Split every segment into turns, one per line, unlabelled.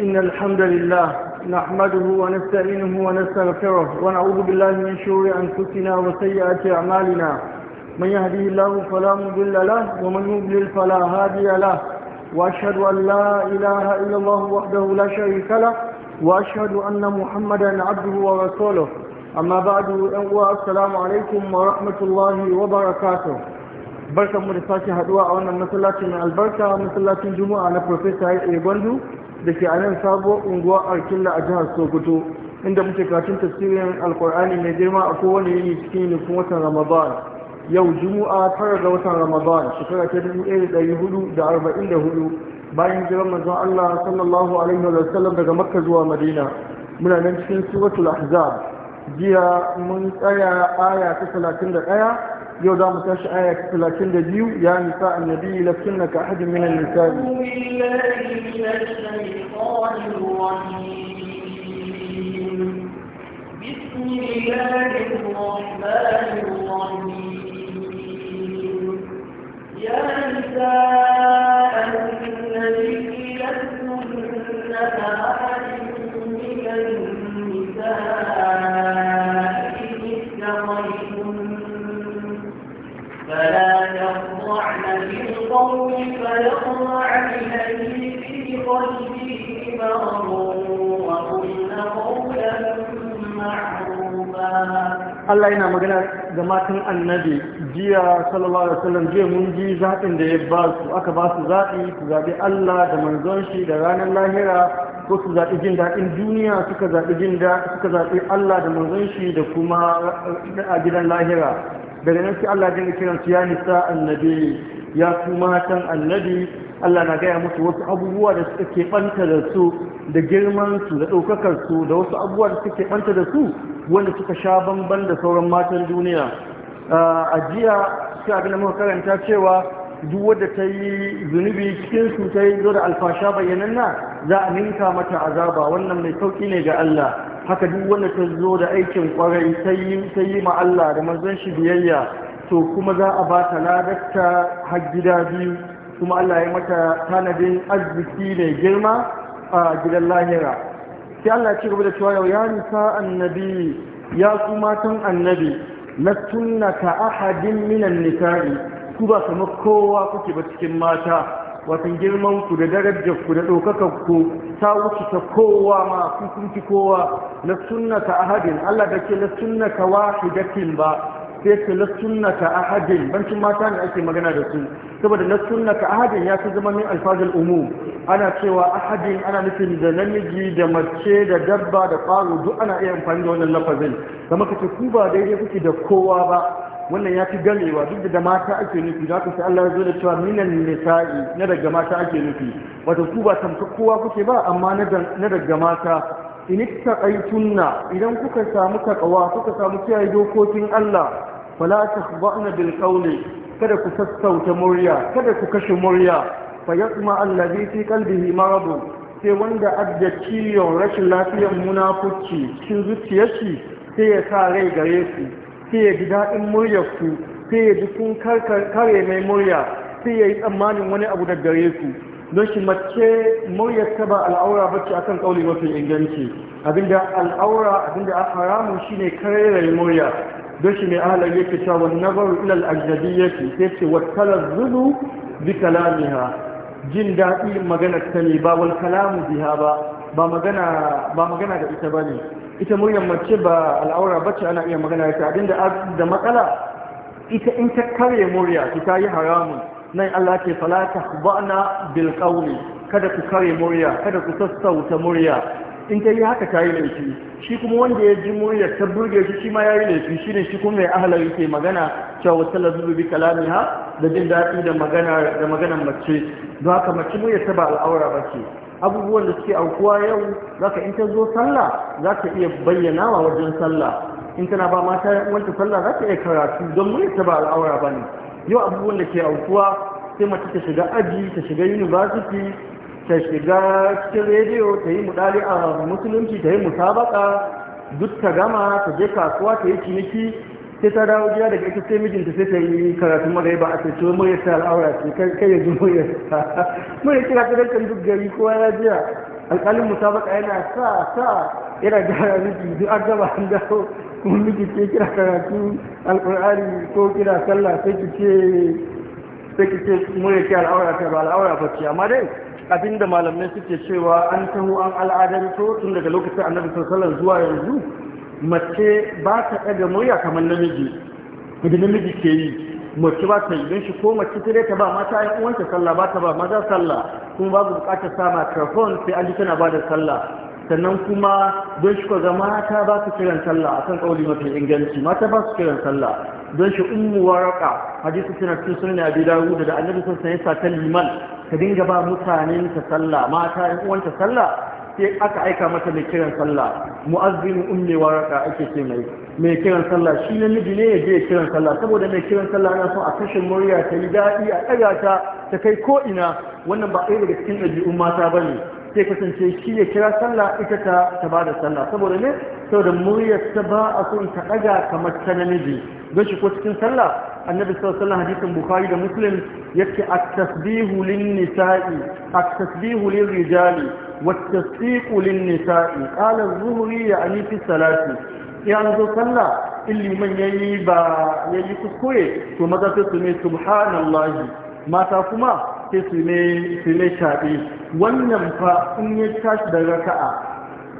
إن الحمد لله نحمده ونستعينه ونستغفره ونعوذ بالله من شرور أنفسنا وسيئات أعمالنا من يهديه الله فلا مضل له ومن يضلل فلا هادي له وأشهد أن لا إله إلا الله وحده لا شريك له وأشهد أن محمدا عبده ورسوله أما بعد السلام عليكم ورحمة الله وبركاته بركة مرساتي هدواء وأن مسلاتي من البركة مسلاتي الجمعة على بروفيسور إيغوندو da ke a nan sabuwar unguwa arkilla a jihar sokoto inda muke karatun tasiri alkur'ani mai girma a kowane yini cikin nufin watan ramadan yau juma'a tara ga watan ramadan shekara ta dubu ɗaya da ɗari hudu da arba'in da hudu bayan jiran manzon allah sallallahu alaihi wa sallam daga makka zuwa madina muna nan cikin suratul ahzab jiya mun tsaya aya ta talatin da ɗaya يودا متاش آية لكن لديو يا نساء النبي لكنك أحد من النساء أعوذ
بالله من الشيطان بسم الله الرحمن الرحيم يا نساء النبي لكنك أحد من النساء يطمعن في القوم فيطمع الذي في قلبه مرض وقلن قولا معروفا
Allah yana magana ga matan annabi jiya sallallahu alaihi wasallam jiya mun ji zaɓin da ya ba su aka ba su zaɓi su zaɓi Allah da manzon shi da ranar lahira ko su zaɓi jin daɗin duniya suka zaɓi jin da suka zaɓi Allah da manzon shi da kuma a gidan lahira daga nan sai Allah dinga kiran su ya nisa annabi ya su matan annabi Allah na gaya musu wasu abubuwa da suka keɓanta da su da girman su da ɗaukakar su da wasu abubuwa da suka keɓanta da su wanda suka sha bamban da sauran matan duniya a jiya sai abin da muka karanta cewa duk wadda ta yi zunubi cikin su ta yi zo da alfasha na, za a ninka mata azaba wannan mai sauki ne ga Allah haka duk wanda ta zo da aikin kwarai ta yi ma Allah da mazan shi biyayya to kuma za a ba ta ladarta har gida biyu kuma Allah ya mata tanadin arziki mai girma a gidan lahira sai Allah ci gaba da cewa yau ya nisa annabi ya ku matan annabi na tunna ka ahadin minan nisa'i ku ba kamar kowa kuke ba cikin mata Wasan girman ku da darajar ku da ɗaukakar ku ta wuce ta kowa ma ku ci kowa na sunnata ahadin Allah da ke na sunnata wahidatin ba sai ce na sunnata ahadin bancin mata ne ake magana da su saboda na sunnata ahadin ya fi zama min alfazul umu ana cewa ahadin ana nufin da namiji da mace da dabba da ƙwaro duk ana iya amfani da wannan lafazin kamar ba daidai kuke da kowa ba wannan ya fi gamewa duk da mata ake nufi da sai Allah ya zo da cewa minan nisa'i na daga mata ake nufi wato ku ba tamka kowa kuke ba amma na daga mata in tunna, idan kuka samu takawa kuka samu kiyaye dokokin Allah fala takhba'na bil qawli kada ku sassauta murya kada ku kashe murya fa yasma allazi fi qalbihi maradu sai wanda adda ciyon rashin lafiyar munafuci cikin zuciyarsa sai ya sa rai gare su sai ya ji daɗin muryarsu. sai ya ji sun kare mai murya sai ya yi tsammanin wani abu da gare su. don shi mace muryar ta ba al'aura ba ce akan ƙauli mafi inganci abinda al'aura abinda a haramun ne kare murya don shi mai ahalar yake cewa nazaru ilal ajnabiyyati sai ce wa talazzuzu bi kalamiha jin daɗi maganar ta ne ba wal kalamu biha ba ba magana da ita ba ne ita muryar mace ba al'aura ba ce ana iya magana ta. abinda da da matsala ita in ta kare murya ki ta yi haramun nan Allah ke fala ba'na bil qawli kada ku kare murya kada ku sassauta murya in ta yi haka ta yi laifi shi kuma wanda ya ji murya ta burge shi shi ma ya yi laifi shi ne shi kuma mai ahalar ke magana cewa wata lazubu bi kalamiha da jin daɗi da magana da maganar mace don haka mace murya ta ba al'aura ba ce abubuwan da suke aukuwa yau zaka in ta zo sallah zaka iya bayyana wa wajen sallah in tana ba mata wanta sallah zaka iya karatu don mun ta ba al'aura bane yau abubuwan da ke aukuwa sai mace ta shiga aji ta shiga university ta shiga cikin rediyo ta yi mudali a musulunci ta yi musabaka duk ta gama ta je kasuwa ta yi ciniki sai ta dawo gida daga ita sai mijinta sai ta yi karatu magai ba a tace murya ta al'aura ce kai ya ji murya ta murya kira ta dankan duk gari kowa ya jiya alƙalin musabaka yana sa sa yana gyara miki duk an gaba an dawo kuma miki ce kira karatu alƙur'ani ko kira sallah sai ki ce sai ki ce ta al'aura ta ba al'aura ba ce amma dai abinda malamai suke cewa an taho an to tun daga lokacin annabi sallallahu alaihi wasallam zuwa yanzu mace ba ta ɗaga murya kamar namiji da namiji ke yi mace ba ta yi don shi ko mace ta dai ta ba mata yin uwanta sallah ba ta ba maza sallah kuma babu bukatar sa microphone sai an ji tana ba da sallah sannan kuma don shi ga mata ba su kiran sallah akan kauli mafi inganci mata ba su kiran sallah don shi ummu waraka hadisi suna cikin sunan abi dawud da annabi sun sanya sa ta liman ka dinga ba mutanen ta sallah mata yin uwanta sallah sai aka aika masa mai kiran sallah mu'azzin ummi waraka ake ce mai mai kiran sallah shi miji ne ya je kiran sallah saboda mai kiran sallah ana son a kashe murya ta yi daɗi a ɗaga ta ta kai ko ina wannan ba ɗaya daga cikin ɗabi'un mata ba ne sai kasance shi ya kira sallah ita ta ta ba da sallah saboda ne saboda muryar ta ba a son ta ɗaga kamar ta namiji don shi ko cikin sallah annabi sallallahu alaihi hadisin bukhari da muslim yake at-tasbihu lin-nisa'i at-tasbihu lir-rijali wat-tasfiqu lin-nisa'i qala az-zuhri ya'ni fi salati ya zo sallah man yayi ba yayi kuskure to maza su ne subhanallahi mata kuma sai su ne su ne wannan fa in ya tashi da raka'a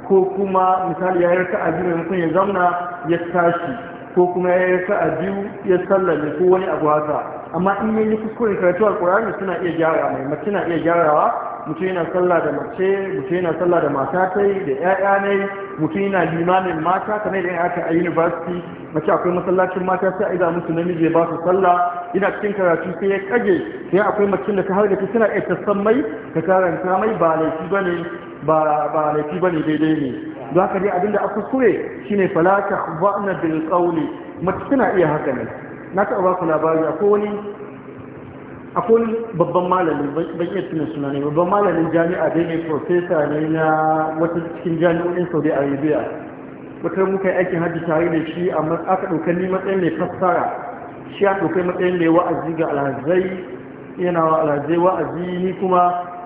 ko kuma misali ya yi raka'a biyu maimakon ya zauna ya tashi ko kuma ya yi sa'a biyu ya sallame ko wani abu haka amma in yi yi kuskuren karatu alkurani suna iya gyara mai mace na iya gyarawa mutum yana sallah da mace mutum yana sallah da mata da 'ya'ya ne mutum yana limanin mata kamar da aka a university mace akwai masallacin mata sai a iza musu namiji ba su sallah ina cikin karatu sai ya kage sai akwai mace da ta harga suna iya tassan mai ka karanta mai ba laifi ba laifi daidai ne don haka dai abinda a kuskure shine ba na bil qawli mace tana iya haka ne na taɓa ba ku labari akwai wani babban malamin ban iya tunan suna ne babban malamin jami'a dai ne profesa ne na wata cikin jami'o'in saudi arabia wata muka yi aikin hajji tare da shi amma aka ɗaukar ni matsayin mai fassara shi ya ɗaukai matsayin mai wa'azi ga alhazai yana wa alhazai wa'azi ni kuma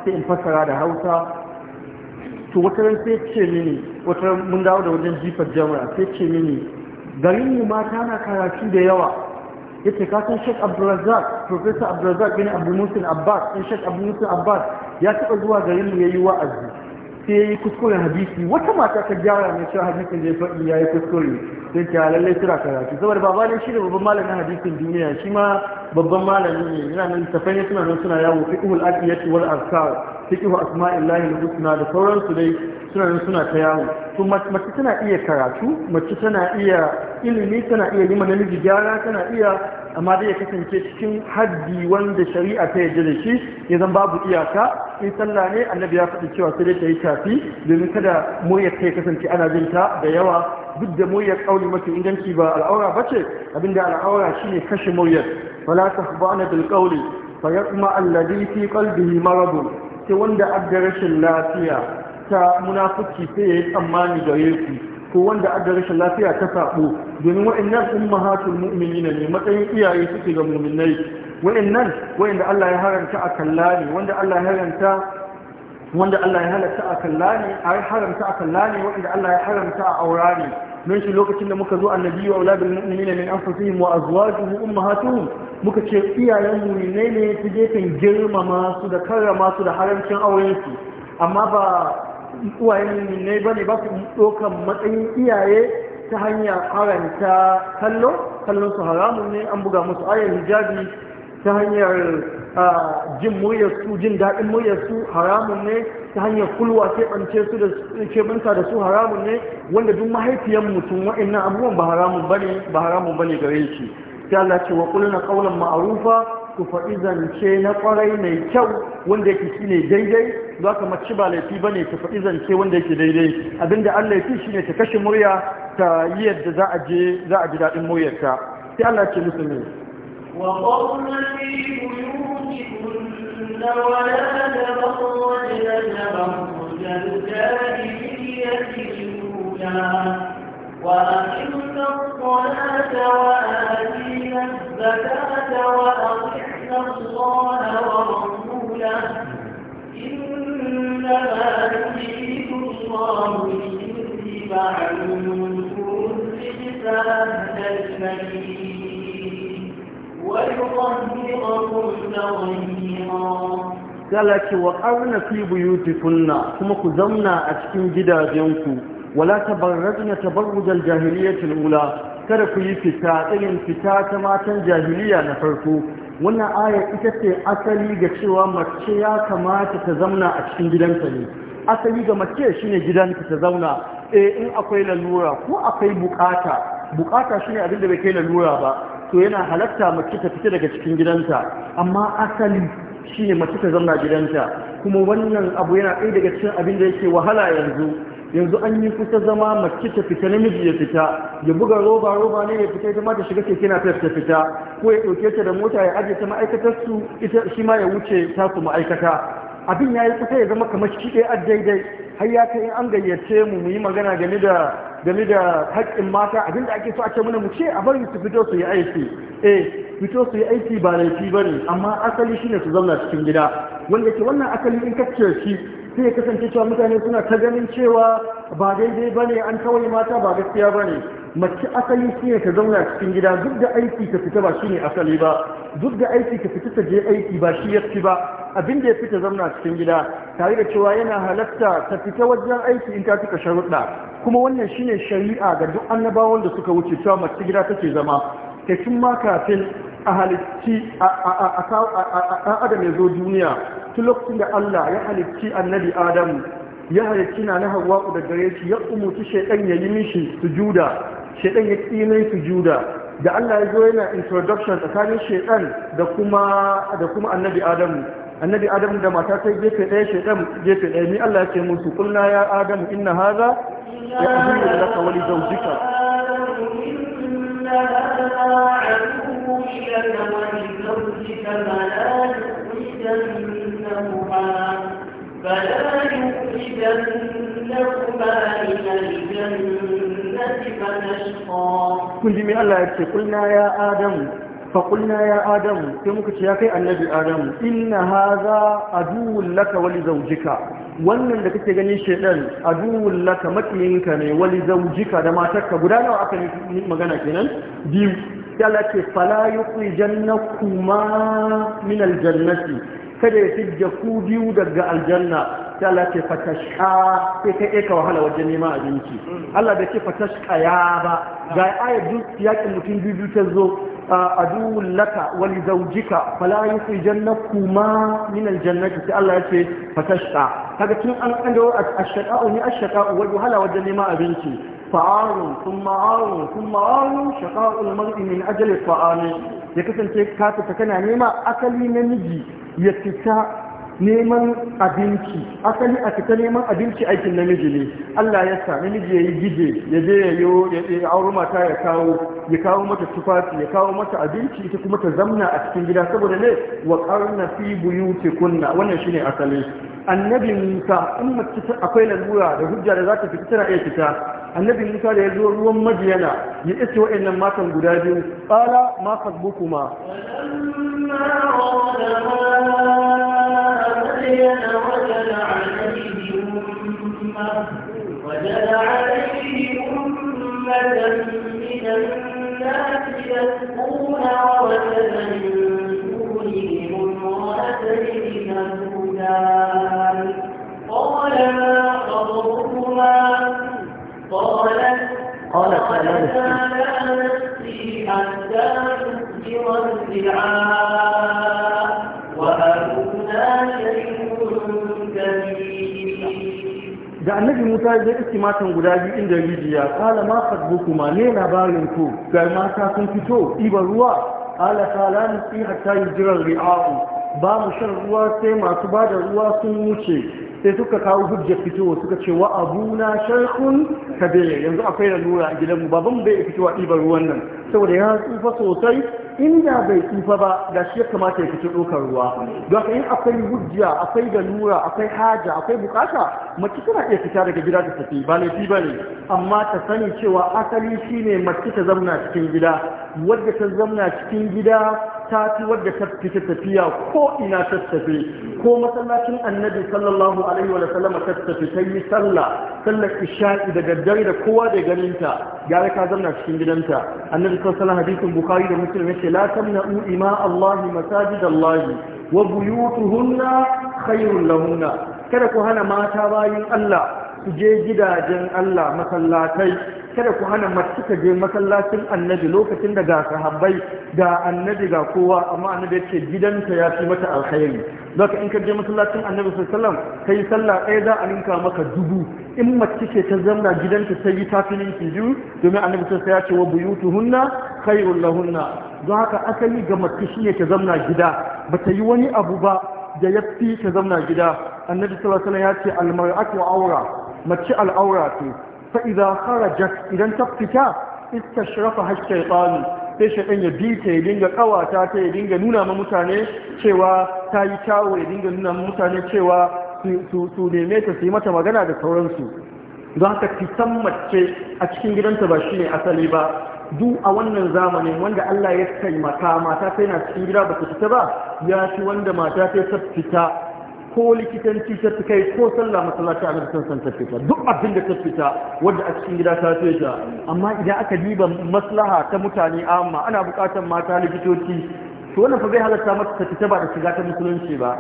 sai in fassara da hausa to wata ran sai ce mini wata mun dawo da wajen jifar jama'a sai ce mini garin mu mata na karatu da yawa yace ka san Sheikh Abdulrazak Professor Abdulrazak bin Abu Musin Abbas Sheikh Abdul Abbas ya taba zuwa garin mu yayi wa'azi sai ya yi kuskuren hadisi wata mata ta gyara mai shi hadisin da ya faɗi ya yi kuskure sai ta lallai suna karatu saboda baba ne shi da babban malamin hadisin duniya shi ma babban malami ne yana nan tafai ne suna nan suna yawo fiqhul aqiyati wal azkar asma'in lahi na husna da sauransu dai suna nan suna ta yawo to mace tana iya karatu mace tana iya ilimi tana iya yi namiji gyara tana iya amma zai ya kasance cikin haddi wanda shari'a ta yarda da shi ya zan babu iyaka in sallah ne annabi ya faɗi cewa sai dai ta yi tafi domin kada muryar ta kasance ana jin ta da yawa duk da muryar kauli mafi inganci ba al'aura ba ce abinda al'aura shine kashe muryar wala tahbana bil qawli fa yaqma alladhi fi qalbihi marad sai wanda adda rashin lafiya ta munafuki sai ya yi tsammani gare ku ko wanda aka rashin lafiya ta sabo domin wa'annan ummahatul mu'minina ne matsayin iyaye suke ga mu'minai wa'annan wa'anda Allah ya haranta a kalla ne wanda Allah ya haranta wanda Allah ya halatta a kalla ne a haramta a kalla ne Allah ya haramta a aura ne shi lokacin da muka zo annabi wa auladul mu'minina min anfusihim wa azwajuhum ummahatuhum muka ce iyayen mu'minai ne ta gefen girmama su da karrama su da haramcin aurensu su amma ba uwayen ne ba ne ba su ɗaukan matsayin iyaye ta hanyar haranta kallo kallon su haramun ne an buga musu ayar hijabi ta hanyar jin muryarsu jin daɗin muryarsu haramun ne ta hanyar kulwa keɓance su da keɓanta da su haramun ne wanda duk mahaifiyar mutum wa'annan abubuwan ba haramun ne, ba haramun ne gare shi sai Allah ce wa na qawlan ma'rufa ku faɗi zance na ƙwarai mai kyau wanda yake shine daidai za ka mace ba laifi ba ne ta faɗi zance wanda yake daidai abinda an laifi shi ne ta kashe murya ta yi yadda za a je za a ji daɗin muryarta sai Allah ce musulmi
wa qawlan
Allah ce wa ƙarna fi buyutikunna kuma ku zamna a cikin gidajenku wala tabarrajna tabarrujal jahiliyatil ula kada ku yi fita irin fita ta matan jahiliya na farko wannan aya ita ce asali ga cewa mace ya kamata ta zamna a cikin gidanta ne asali ga mace shine gidanta ta zauna eh in akwai lalura ko akwai bukata bukata shine abin da bai kai lalura ba to yana halatta mace ta fita daga cikin gidanta amma asali Shi ne mace ta zama gidanta kuma wannan abu yana ɗaya daga cikin abin da yake wahala yanzu yanzu an yi kusa zama mace ta fita namiji ya fita ya buga roba roba ne ya fita ita ma ta shiga keke na ta fita ko ya ɗauke ta da mota ya ajiye ta ma'aikatar su ita shi ma ya wuce ta su ma'aikata abin ya yi kusa ya zama kamar shi ɗaya daidai har ya in an gayyace mu mu yi magana game da game da haƙƙin mata abin da ake so a ce mana mu ce a bari su fito su yi aiki eh fito su yi aiki ba laifi ba ne amma asali shi ne su zauna cikin gida wanda ke wannan asali in kacce shi sai ya kasance cewa mutane suna ta ganin cewa ba daidai ba ne an kawai mata ba gaskiya ba ne mace asali shi ne ta zauna cikin gida duk da aiki ta fita ba shi ne asali ba duk da aiki ta fita ta je aiki ba shi ya ba abin da ya fita zamna cikin gida tare da cewa yana halatta ta fita wajen aiki in ta cika sharuɗa kuma wannan shine shari'a ga duk annabawan da suka wuce cewa mace gida take zama kafin ma kafin a halitti a adam ya zo duniya tun lokacin da Allah ya halitti annabi Adam ya halitti na na ku da gare shi ya umutu shaiɗan ya yi mishi sujuda shaiɗan ya su sujuda da Allah ya zo yana introduction tsakanin shaiɗan da kuma da kuma annabi Adam annabi adam da mata ta gefe ɗaya shaidan gefe ɗaya ni Allah ya ce musu kulna ya adam inna haza ya ahilu laka wa li zawjika kun ji mai Allah ya ce من ya adam faƙulna ya adamu sai muka ce ya kai annabi adamu inna haza aduwwun laka wali zaujika wannan da kake gani shaidan aduwwun laka makiyinka ne wali zaujika da matarka guda nawa aka yi magana kenan biyu sai Allah ce fala yukhrijannakum min aljannati kada ya fidda ku biyu daga aljanna ta Allah ce fatashka sai kai eka wahala wajen neman abinci Allah da ce fatashka ya ba ga ayat duk yakin mutum biyu ta zo adu laka wa li zawjika fala yukhrijannakuma min aljannati sai Allah ya ce fatashka kaga tun an kando ashaqa'u ni ashaqa'u wal wahala wajen neman abinci fa'arun kuma arun kuma arun shaqa'ul mar'i min ajali fa'ani ya kasance ka fita kana nema asali namiji ya fita neman abinci asali a fita neman abinci aikin namiji ne Allah ya sa namiji ya yi gije ya je ya yi ya auri mata ya kawo ya kawo mata tufafi ya kawo mata abinci ita kuma ta zamna a cikin gida saboda ne wa qarna fi kunna. wannan shine asali annabi Musa in mace akwai lalura da hujja da za ta fita tana iya fita annabi musa da ya zo ruwan madiyana ya iske wa'annan matan guda biyu tsala ma fasbukuma
وجد da
annabi Musa ya iske matan guda biyu inda rijiya kala ma kuma ne labarin ku ga mata sun fito ɗiban ruwa ala kala ni hatta jiran ri'a'u ba mu shan ruwa sai masu ba da ruwa sun wuce sai suka kawo hujjar fitowa suka ce wa na sharhun kabir yanzu akwai lalura a mu baban bai fitowa ɗiban ruwan nan saboda ya tsufa sosai inda bai tsufa ba da shi ya kamata ya fito ɗaukar ruwa don haka in akwai hujja akwai nura, akwai haja akwai bukata mace tana iya fita daga gida ta tafi ba laifi ba ne amma ta sani cewa asali shine mace ta zamna cikin gida wadda ta zamna cikin gida ta ci wadda ta fita tafiya ko ina ta tafi ko masallacin annabi sallallahu alaihi wa sallam ta tafi ta yi sallah sallar isha'i daga dare da kowa da ganinta gara ka zanna cikin gidanta annabi sallallahu alaihi wa hadisin bukhari da muslim yace la tamna'u ima Allahi. masajid Allah wa buyutuhunna khairul lahunna kada ku hana mata bayin Allah su je gidajen Allah masallatai kada ku hana mace ta je masallacin annabi lokacin da ga sahabbai ga annabi ga kowa amma annabi ce gidanta ya fi mata alkhairi zaka in ka je masallacin annabi sallallahu alaihi kai sallah ɗaya za a ninka maka dubu in mace ce ta zamna gidanta ta yi ta fi ninki biyu domin annabi sallallahu ya ce wa buyutuhunna khairul lahunna don haka asali ga mace shine ta zamna gida bata yi wani abu ba da ya fi ta zamna gida annabi sallallahu alaihi ya ce al mar'atu aura mace al'aura ce فإذا خرجت idan ta fita, ita sai shaɗan ya bi ta ya dinga ƙawata ta ya dinga nuna ma mutane cewa ta yi kyawo ya dinga nuna ma mutane cewa su nemeta, ta su yi mata magana da sauransu don haka fitan mace a cikin gidanta ba shi asali ba duk a wannan zamanin wanda Allah ya taimaka mata ta yana cikin gida ba fita ba ya fi wanda mata ta fita ko likitanci ta kai ko sallah masallaci a nan san ta fita duk abin da ta fita wanda a cikin gida ta fita amma idan aka diba maslaha ta mutane amma ana bukatar mata likitoci to wannan fa zai halatta mata ta fita ba da shiga ta musulunci ba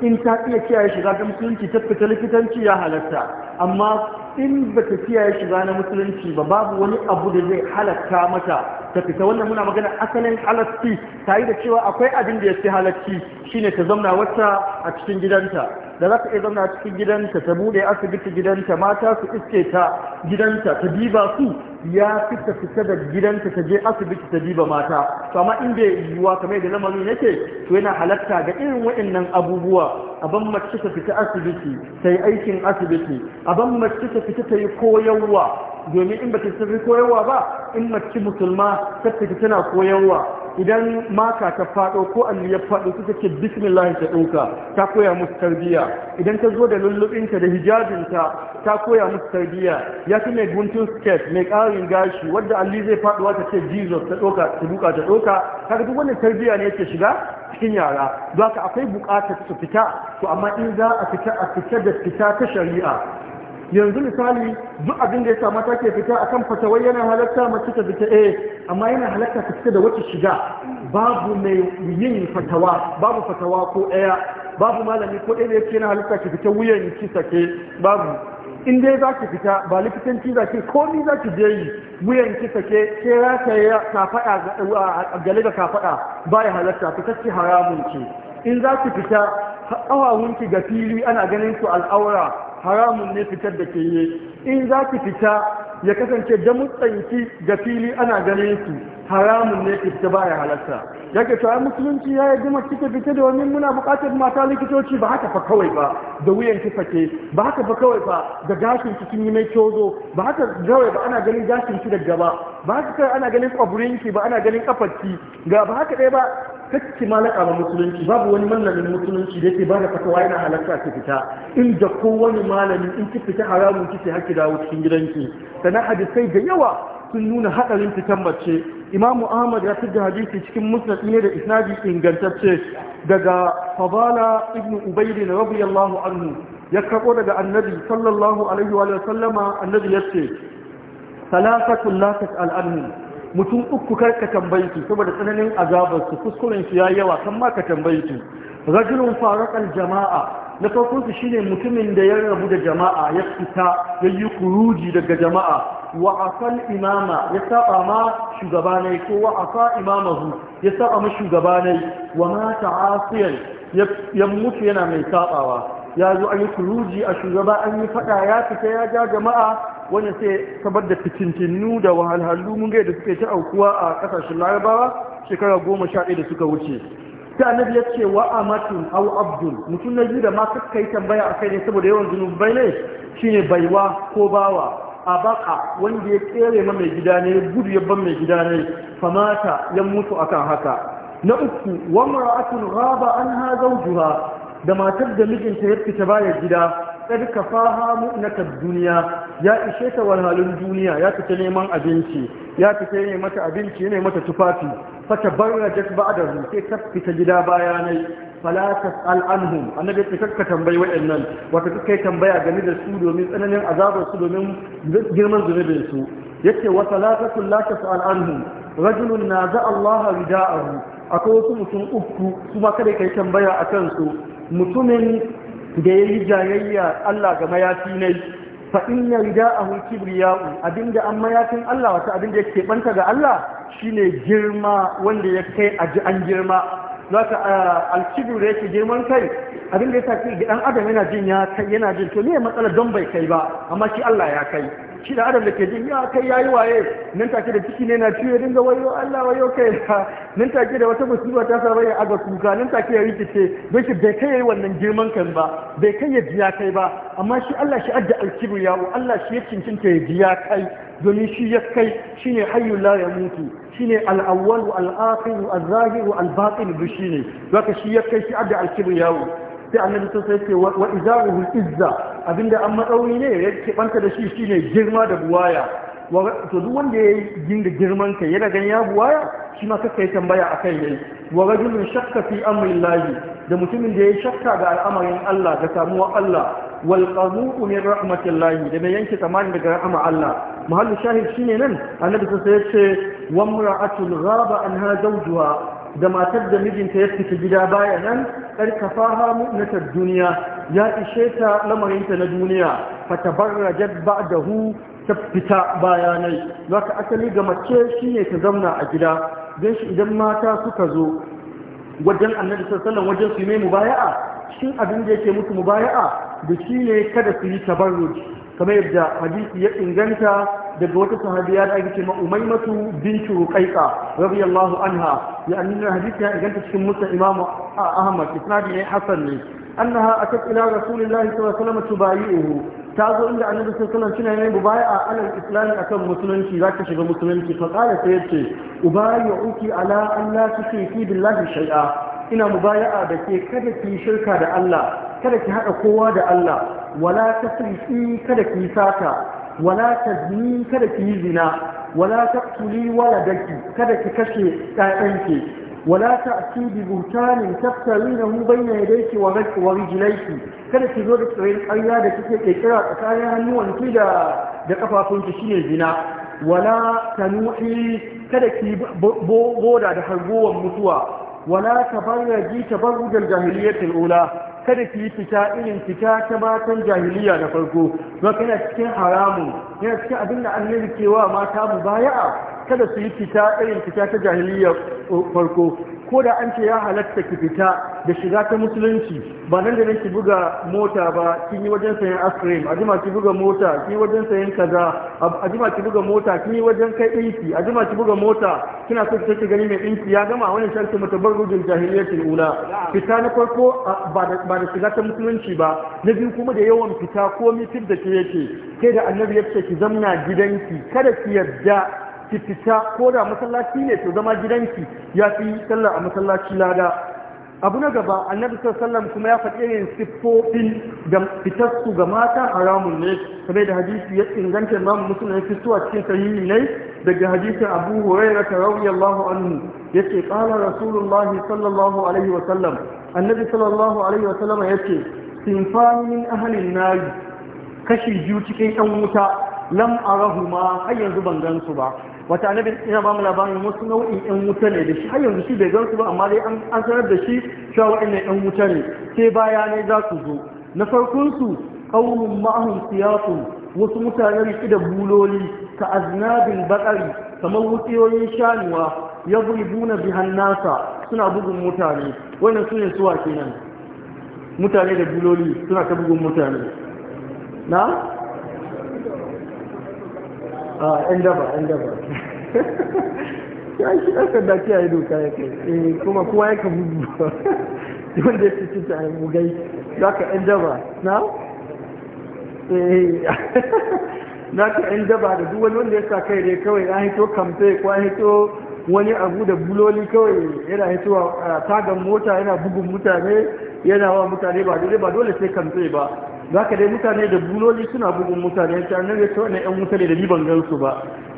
in ta iya kiyaye shiga ta musulunci ta fita likitanci ya halarta, amma in ba ta kiyaye shiga na musulunci ba babu wani abu da zai halatta mata ta fita wannan muna magana asalin halatti ta yi da cewa akwai abin da ya fi halatti shine ta zauna wata a cikin gidanta da za ta iya zauna cikin gidanta ta bude asibiti gidanta mata su iske ta gidanta ta diba su ya fi ta fita da gidanta ta je asibiti ta diba mata to amma in bai yiwuwa kamar da lamarin yake to yana halatta ga irin waɗannan abubuwa a ban mace ta fita asibiti ta yi aikin asibiti a ban mace ta fita ta yi koyarwa domin in bata sirri koyarwa ba in mace musulma ta tana koyarwa idan maka ta fado ko alli ya fado suka ce bismillah ta dauka ta koya musu tarbiya idan ta zo da lullubinta da hijabinta ta koya musu tarbiyya ya fi mai guntun skirt mai karin gashi wadda alli zai faduwa ta ce jesus ta dauka ta duka ta dauka kaga duk wannan tarbiyya ne yake shiga cikin yara za ka akwai bukatar su fita to amma in za a fita a fita da fita ta shari'a yanzu misali duk abin da ya sa mata ke fita akan fatawai yana halatta mace ta fita eh amma yana halatta ta fita da wacce shiga babu mai yin fatawa babu fatawa ko ɗaya babu malami ko ɗaya da yake yana halatta ki fita wuyan ki sake babu in dai za ki fita ba likitanci za ki komi za ki je yi wuyan ki sake ke ya kafaɗa gale da kafaɗa ba ya halatta ki haramun ki in za ki fita ki ga fili ana ganin su al'aura haramun ne fitar da ke yi in za ki fita ya kasance da mutsanki ga fili ana ganin su haramun ne ita baya halatta ya to ai musulunci ya yi gima kike fita da wani muna buƙatar mata likitoci ba haka fa kawai ba da wuyan ki fake ba haka fa kawai ba da gashin ki yi mai cozo ba haka kawai ba ana ganin gashin ki da gaba ba haka kawai ana ganin kwaburin ba ana ganin kafar ki ga ba haka dai ba kakki ma laƙa musulunci babu wani malamin musulunci da yake ba da fatawa yana halarta ki fita In da kowane malami in ki fita haramun kike haki dawo cikin gidanki sannan hadisai da yawa sun nuna haɗarin fitan mace imamu ahmad ya fi da hadisi cikin musnad ne da isnadi ingantacce daga fabala ibn ubayd radiyallahu anhu ya karbo daga annabi sallallahu alaihi wa sallama annabi yace salasatul la tas'al mutum uku kar ka tambayi su saboda tsananin azabar su kuskuren su yayi yawa kan ma ka tambayi su rajulun faraqal jama'a na farkon su shine mutumin da ya rabu da jama'a ya fita ya yi kuruji daga jama'a wa asal imama ya saba ma shugaba ko wa asa imamahu ya saba ma shugaba wa ma ta'asiyan ya mutu yana mai sabawa ya zo an yi kuruji a shugaba an yi fada ya fita ya ja jama'a wanda sai sabar da fitintinu da wahalhalu mun da suke ta aukuwa a kasashen larabawa shekara goma sha ɗaya da suka wuce Ta na ya ce wa amatun au abdul mutum na biyu da ma suka yi tambaya a kai ne saboda yawan zunubai ne shine baiwa ko bawa a baka wanda ya tsere ma mai gida ne gudu ya ban mai gida ne famata ya mutu akan haka na uku wa raba an anha zawjuha da matar da mijinta ya fita baya gida kad kafaha mu'natad duniya ya ishe ta walhalin duniya ya fita neman abinci ya fita ne mata abinci ne mata tufafi fata barrajat da sai ta fita gida baya nai fala a anhum annabi ya kakka tambayi waɗannan, wata kai tambaya game da su domin tsananin azabar su domin girman zunubin su yace wa salatatul la tas'al anhum rajulun naza Allah rida'ahu akwai wasu mutum uku su ma kada kai tambaya a kansu mutumin da ya yi jayayya Allah ga mayafi ne fa inna rida'ahu kibriya'u abinda an mayafin Allah wata abinda yake banta ga Allah shine girma wanda ya kai ji an girma zaka alkibru da yake girman kai abinda yasa ki dan adam yana jin ya kai yana jin to me matsalar don bai kai ba amma shi Allah ya kai shi da adam da ke jin ya kai ya yi waye nan take da ciki ne na ciwo ya dinga wayo Allah wayo kai nan take da wata musiba ta sa bai aga kuka nan take ya rikice don shi bai kai wannan girman kan ba bai kai ya jiya kai ba amma shi Allah shi adda alkibriya Allah shi ya cincinta ya jiya kai domin shi ya kai shine hayyu la yamutu shine al-awwal wal-akhir wal-zahir wal-batin shi ne zaka shi ya kai shi adda alkibriya sai annabi sun sai ce wa izaruhu izza abinda an matsauri ne ya keɓanta da shi shine girma da buwaya to duk wanda ya yi da girman kai yana ganin ya buwaya shi ma kaka yi tambaya a kai ne wa rajulun shakka fi amrin lahi da mutumin da ya shakka ga al'amarin Allah ga samuwar Allah wal qanutu min rahmatillahi da mai yanke tsamani daga rahama Allah mahallu shahid shine nan annabi sai ya ce wa mar'atul ghaba anha zawjuha da matar da mijinta ya fita gida baya nan na ta duniya ya ishe ta lamarinta na duniya da ba'dahu ta fita bayanai zaka asali ga mace shine ta zauna a gida don shi idan mata suka zo wajen annabi sallallahu wajen su yi mai mubaya'a shin abin da yake musu mubaya'a da shine kada su yi tabarruji kamar yadda hadisi ya inganta daga wata sahabiya da ake cewa umaymatu bintu ruqayqa radiyallahu anha ya annabi hadisi ya inganta cikin musa imamu ahmad isnadi ne hasan ne annaha atat ila rasulillahi sallallahu alaihi wasallam tubayi'uhu ta zo inda annabi sallallahu alaihi wasallam yana mubai'a alal islam akan musulunci zaka shiga musulunci fa qala sai yace ala an la tushriku billahi shay'a ina mubaya'a da ke kada ki shirka da Allah kada ki haɗa kowa da Allah wala tasrifi kada ki yi sata wala tazni kada ki yi zina wala taqtuli waladaki kada ki kashe ɗayanki wala ta'ti bi buhtanin taftarinahu bayna yadayki wa wa rijlayki kada ki zo da tsayin ƙarya da kike kekira tsakanin hannuwanki da da kafafunki shine zina wala tanuhi kada ki boda da hargowar mutuwa wala tabarraji tabarrujal jahiliyatul ula kada ki yi fita irin fita ta matan jahiliya na farko don kana cikin haramun yana cikin abin da annabi ke wa mata mu baya'a kada su yi fita irin fita ta jahiliya farko ko da an ce ya halatta ki fita da shiga ta musulunci ba nan da nan ki buga mota ba kin yi wajen sayan askirim a jima ki buga mota kin yi wajen sayan kaza a jima ki buga mota kin yi wajen kai ɗinki a jima ki buga mota kina so ki gani mai ɗinki ya gama wannan sharti mutabarrujin jahiliyatul ula fita na farko ba da shiga ta musulunci ba na biyu kuma da yawan fita ko mitir da ke yake kai da annabi ya ce ki zamna gidanki kada ki yarda ki ko da masallaci ne to zama gidanki ya fi sallar a masallaci lada abu na gaba annabi sallallahu kuma ya faɗi irin siffofin da fitarsu ga mata haramun ne kamar da hadisi ya inganta imamu muslim ya fito a cikin sahihi ne daga hadisin abu huraira ta radiyallahu anhu yace qala rasulullahi sallallahu alaihi wa sallam annabi sallallahu alaihi wa sallam yace sinfani min ahli an-nar kashi biyu cikin yan wuta lam arahuma har yanzu ban gansu ba wata annabi ina ba mu labarin wasu nau'in yan wuta ne da shi har yanzu shi bai gansu ba amma dai an sanar da shi cewa wa'annan yan wuta ne sai baya ne za su zo na farkon su qawlum ma'hum siyatu, wasu mutane rike da buloli ka aznabin baqari kamar wutsiyoyin shanuwa yadribuna bihan nasa suna bugun mutane wannan sunan suwa kenan mutane da buloli suna ta bugun mutane na a yan daba yan daba ya shi ɗan sanda kiyaye doka ya kai eh, kuma kuma ya ka bugu wanda ya fi ta yi bugai za ka yan daba na eh. za ka yan daba da duk wani wanda ya sa kai ne kawai ya hito kamfe ko ya hito wani abu da buloli kawai yana a tagan mota yana bugun mutane yana wa mutane ba dole ba dole sai kamfe ba za ka dai mutane da buloli suna bugun mutane ta nan ya ce wannan yan mutane da liban ban ba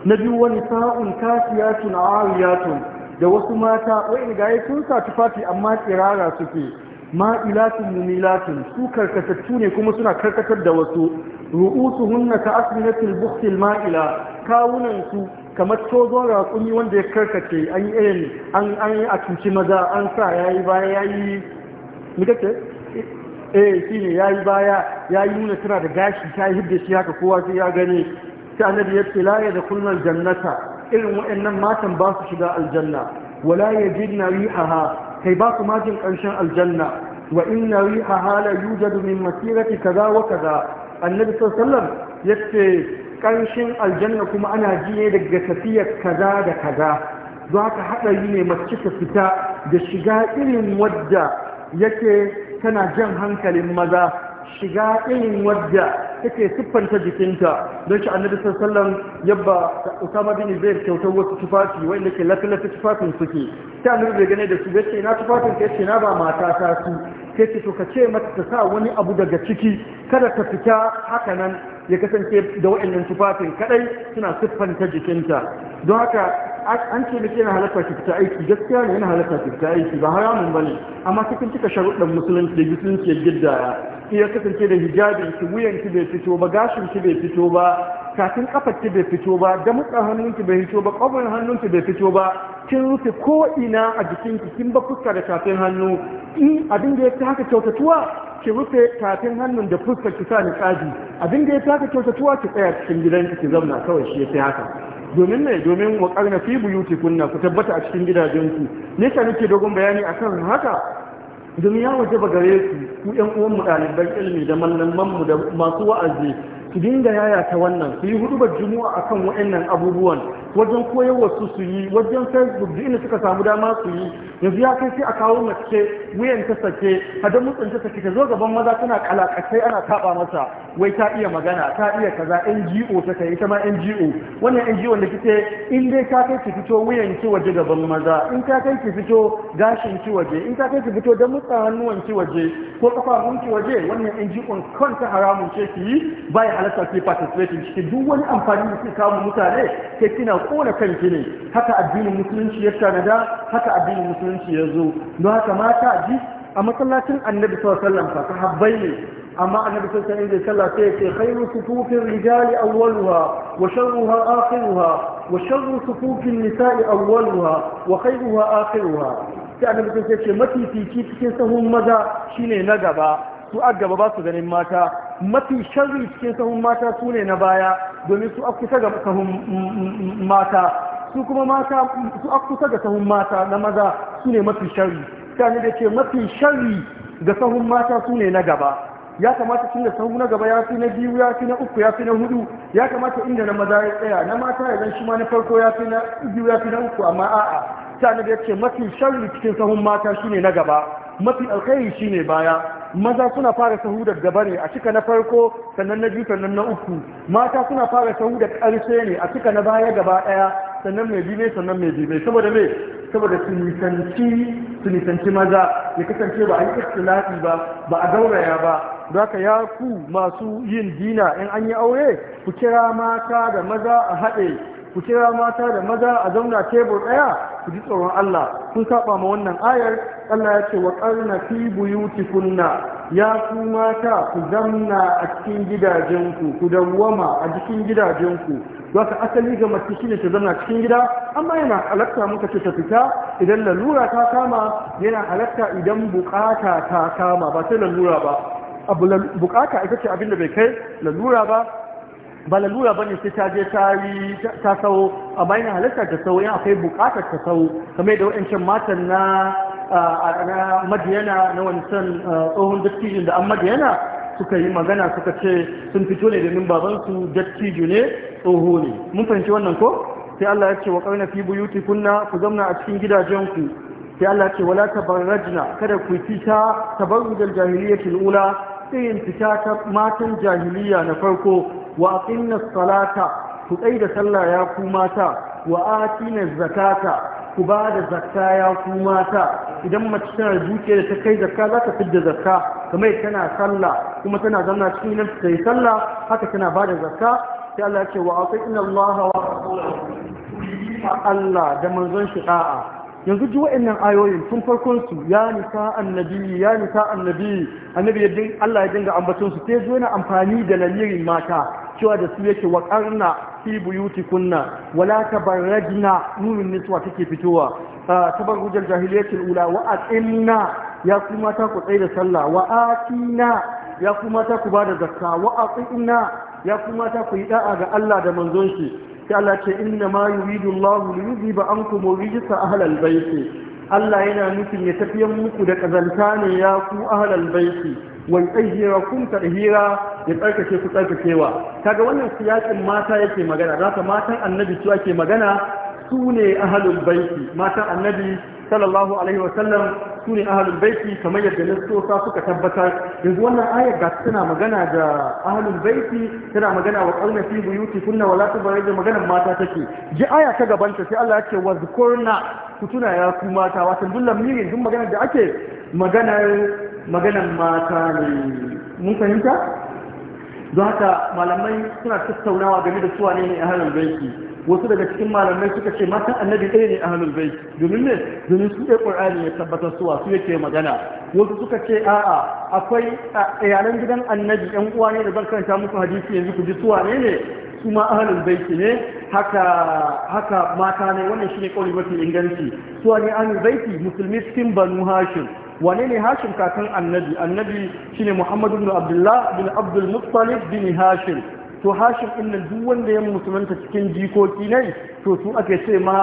na biyu wani sa'un kasiyatun awiyatun da wasu mata wai ga ya sun sa tufafi amma tsirara suke ma'ilatun mumilatun su karkatattu ne kuma suna karkatar da wasu hunna ka asminatil buksil ma'ila kawunan su kamar tozon raƙumi wanda ya karkace an yi irin an yi a cuci maza an sa yayi baya yi eh ya yayi baya ya yi nuna tana da gashi ta yi hidda shi haka kowa sai ya gani sai annabi ya ce la ya da kullun jannata irin waɗannan matan ba su shiga aljanna wala yajidna rihaha kai ba su ma ƙarshen aljanna wa inna rihaha la yujadu min masirati kaza wa kaza annabi sallallahu alaihi yace ƙarshen aljanna kuma ana ji ne daga tafiyar kaza da kaza za ka haɗari ne mace ta fita da shiga irin wadda yake tana jan hankalin maza shiga irin wadda take siffanta jikinta don shi annabi sallallahu yabba Usama bin zai kyautar wasu tufafi wanda ke lafi-lafi tufafin suke ta nuna bai gane da su bai na tufafin ka yace na ba mata ta su ke, ce to ka ce mata ta sa wani abu daga ciki kada ta fita haka nan ya kasance da wa'annan tufafin kadai suna siffanta jikinta don haka an ce miki yana halatta ki fita aiki gaskiya ne yana halatta ki fita aiki ba haramun bane amma cikin cika sharuɗan musulunci da musulunci ya gidda. ya kasance da hijabin ki wuyan ki bai fito ba gashin ki bai fito ba kafin kafar ki bai fito ba damutsan hannun ki bai fito ba kwabin hannun ki bai fito ba kin rufe ko ina a jikin ki kin ba fuska da kafin hannu in abin da ya fi haka kyautatuwa ki rufe kafin hannun da fuskar ki sa ni tsaji abin da ya fi haka kyautatuwa ki tsaya cikin gidan ki zauna kawai shi ya fi haka domin ne domin wa na fi buyuti kunna ku tabbata a cikin gidajenku nisa nake dogon bayani akan haka domin ya waje ba gare su ku yan uwan mu ɗaliban ilimi da mallaman mu da masu wa'azi su dinga yaya ta wannan su yi hudubar a kan waɗannan abubuwan wajen koyarwa su su yi wajen facebook da inda suka samu dama su yi yanzu ya kai sai a kawo mace wuyan ta sake hadan mutsin ta sake ta zo gaban maza tana kalakatai ana taba masa wai ta iya magana ta iya kaza NGO ta kai ita ma NGO wannan NGO da kike in dai ta kai ki fito wuyan ki waje gaban maza in ta kai ki fito gashin ki waje in ta kai ki fito da mutsa hannuwan ki waje ko kafafun ki waje wannan NGO kanta haramun ce ki yi bai halatta ke participating cikin duk wani amfani da ke kawo mutane ke kina kona kanki ne haka addinin musulunci ya tanada haka addinin musulunci ya zo don haka mata ji a masallacin annabi sallallahu alaihi wasallam fa habbai ne amma annabi sallallahu alaihi wasallam sai ya ce khairu sufufin rijali awwaluha wa sharruha akhiruha wa sharru sufufin nisa'i awwaluha wa khairuha akhiruha sai annabi sallallahu alaihi wasallam ya ce mafifici cikin sahun maza shine na gaba su a gaba ba su ganin mata mafi sharri cikin sahun mata su ne na baya domin su akusa ga sahun mata su kuma mata su a ga sahun mata na maza su ne mafi sharri Sani da ce mafi sharri ga sahun mata su ne na gaba ya kamata su da sahu na gaba ya fi na biyu ya fi na uku ya fi na hudu ya kamata inda na maza ya tsaya na mata ya zan shi ma na farko ya fi na biyu ya fi na uku amma a'a sai annabi yace mafi sharri cikin sahun mata shine na gaba mafi alkhairi shine baya maza suna fara sahu da gaba ne a cika na farko sannan na biyu sannan na uku mata suna fara sahu da ƙarshe ne a cika na baya gaba ɗaya sannan mai bibe sannan mai bibe saboda me saboda su maza ya kasance ba a yi ikhtilafi ba ba a gauraya ba zaka ya ku masu yin dina in an yi aure ku kira mata da maza a haɗe ku kira mata da maza a zauna tebur ɗaya ku ji tsoron Allah kun saba ma wannan ayar Allah ya ce wa qarna fi buyutikunna ya ku mata ku zamna a cikin gidajenku ku dawwama a cikin gidajenku ka asali ga mace shine ta zamna cikin gida amma yana halatta muka ce ta fita idan lalura ta kama yana halatta idan bukata ta kama ba sai lalura ba abu bukata ita ce abin da bai kai lalura ba ba lalura bane sai ta je ta yi ta sau a bayan halitta ta sau in akwai bukatar ta sau kamar da wa'ancan matan na na madiyana na wancan tsohon dattijin da an madiyana suka yi magana suka ce sun fito ne domin babansu dattijo ne tsoho ne mun fahimci wannan ko sai Allah ya ce wa ƙarna fi buyuti kunna ku zamna a cikin gidajenku sai Allah ya ce wala tabarrajna kada ku fita tabarrujal jahiliyatul ula irin fita ta matan jahiliya na farko wa aqimna salata ku tsai da sallah ya ku mata wa atina zakata ku ba da zakka ya ku mata idan mace tana dukiya da ta kai zakka za ta fidda zakka kamar tana sallah kuma tana zama cikin nan ta yi sallah haka tana ba da zakka sai Allah ya ce wa aqimna Allah wa Allah da manzon shi a'a. yanzu ji wa'annan ayoyin tun farkon su ya nisa annabi ya nisa annabi annabi ya Allah ya dinga ambaton su sai zo yana amfani da lamirin mata cewa da su yake wa karna fi buyutikunna wala tabarrajna nurun niswa take fitowa ah, tabarrujal jahiliyatul ula wa aqimna ya kuma mata ku tsaye da sallah wa atina ya kuma mata ku bada zakka wa aqina ya kuma mata ku yi da'a ga Allah da manzon shi sai Allah ce inna ma yuridu Allah li yuzhiba ankum rijsa ahlal bait Allah yana nufin ya tafiyan muku da kazanta ne ya ku ahlal bait wa yahirakum tahira ya tsarkake ku tsarkakewa kaga wannan siyasin mata yake magana zaka matan annabi su ake magana su ne ahlul bait matan annabi sallallahu alaihi wasallam su ne ahalul baiti kamar yadda nasosa suka tabbatar yanzu wannan ayar ga tana magana da ahalul baiti tana magana wa qaulna fi buyuti kunna wala da maganar mata take ji aya ta gabanta sai Allah ya ce wazkurna ku tuna ya ku mata wato dullan mirin duk maganar da ake maganar maganar mata ne mun fahimta don haka malamai suna tattaunawa game da suwa ne ne ahlul baiti wasu daga cikin malamai suka ce matan annabi ɗaya ne ahlul baiti domin ne domin su ɗaya qur'ani ya tabbatar suwa su yake magana wasu suka ce a'a akwai iyalan gidan annabi yan uwa ne da zan karanta hadisi yanzu ku ji suwa ne ne su ma ahlul baiti ne haka mata ne wannan shine kauli mafi inganci suwa ne ahlul baiti musulmi cikin banu hashim wane ne hashim kakan annabi annabi shine Muhammadu ibn abdullah bin abdul muttalib bin hashim to hashim din nan duk wanda ya musulunta cikin jikoki ne to su ake ce ma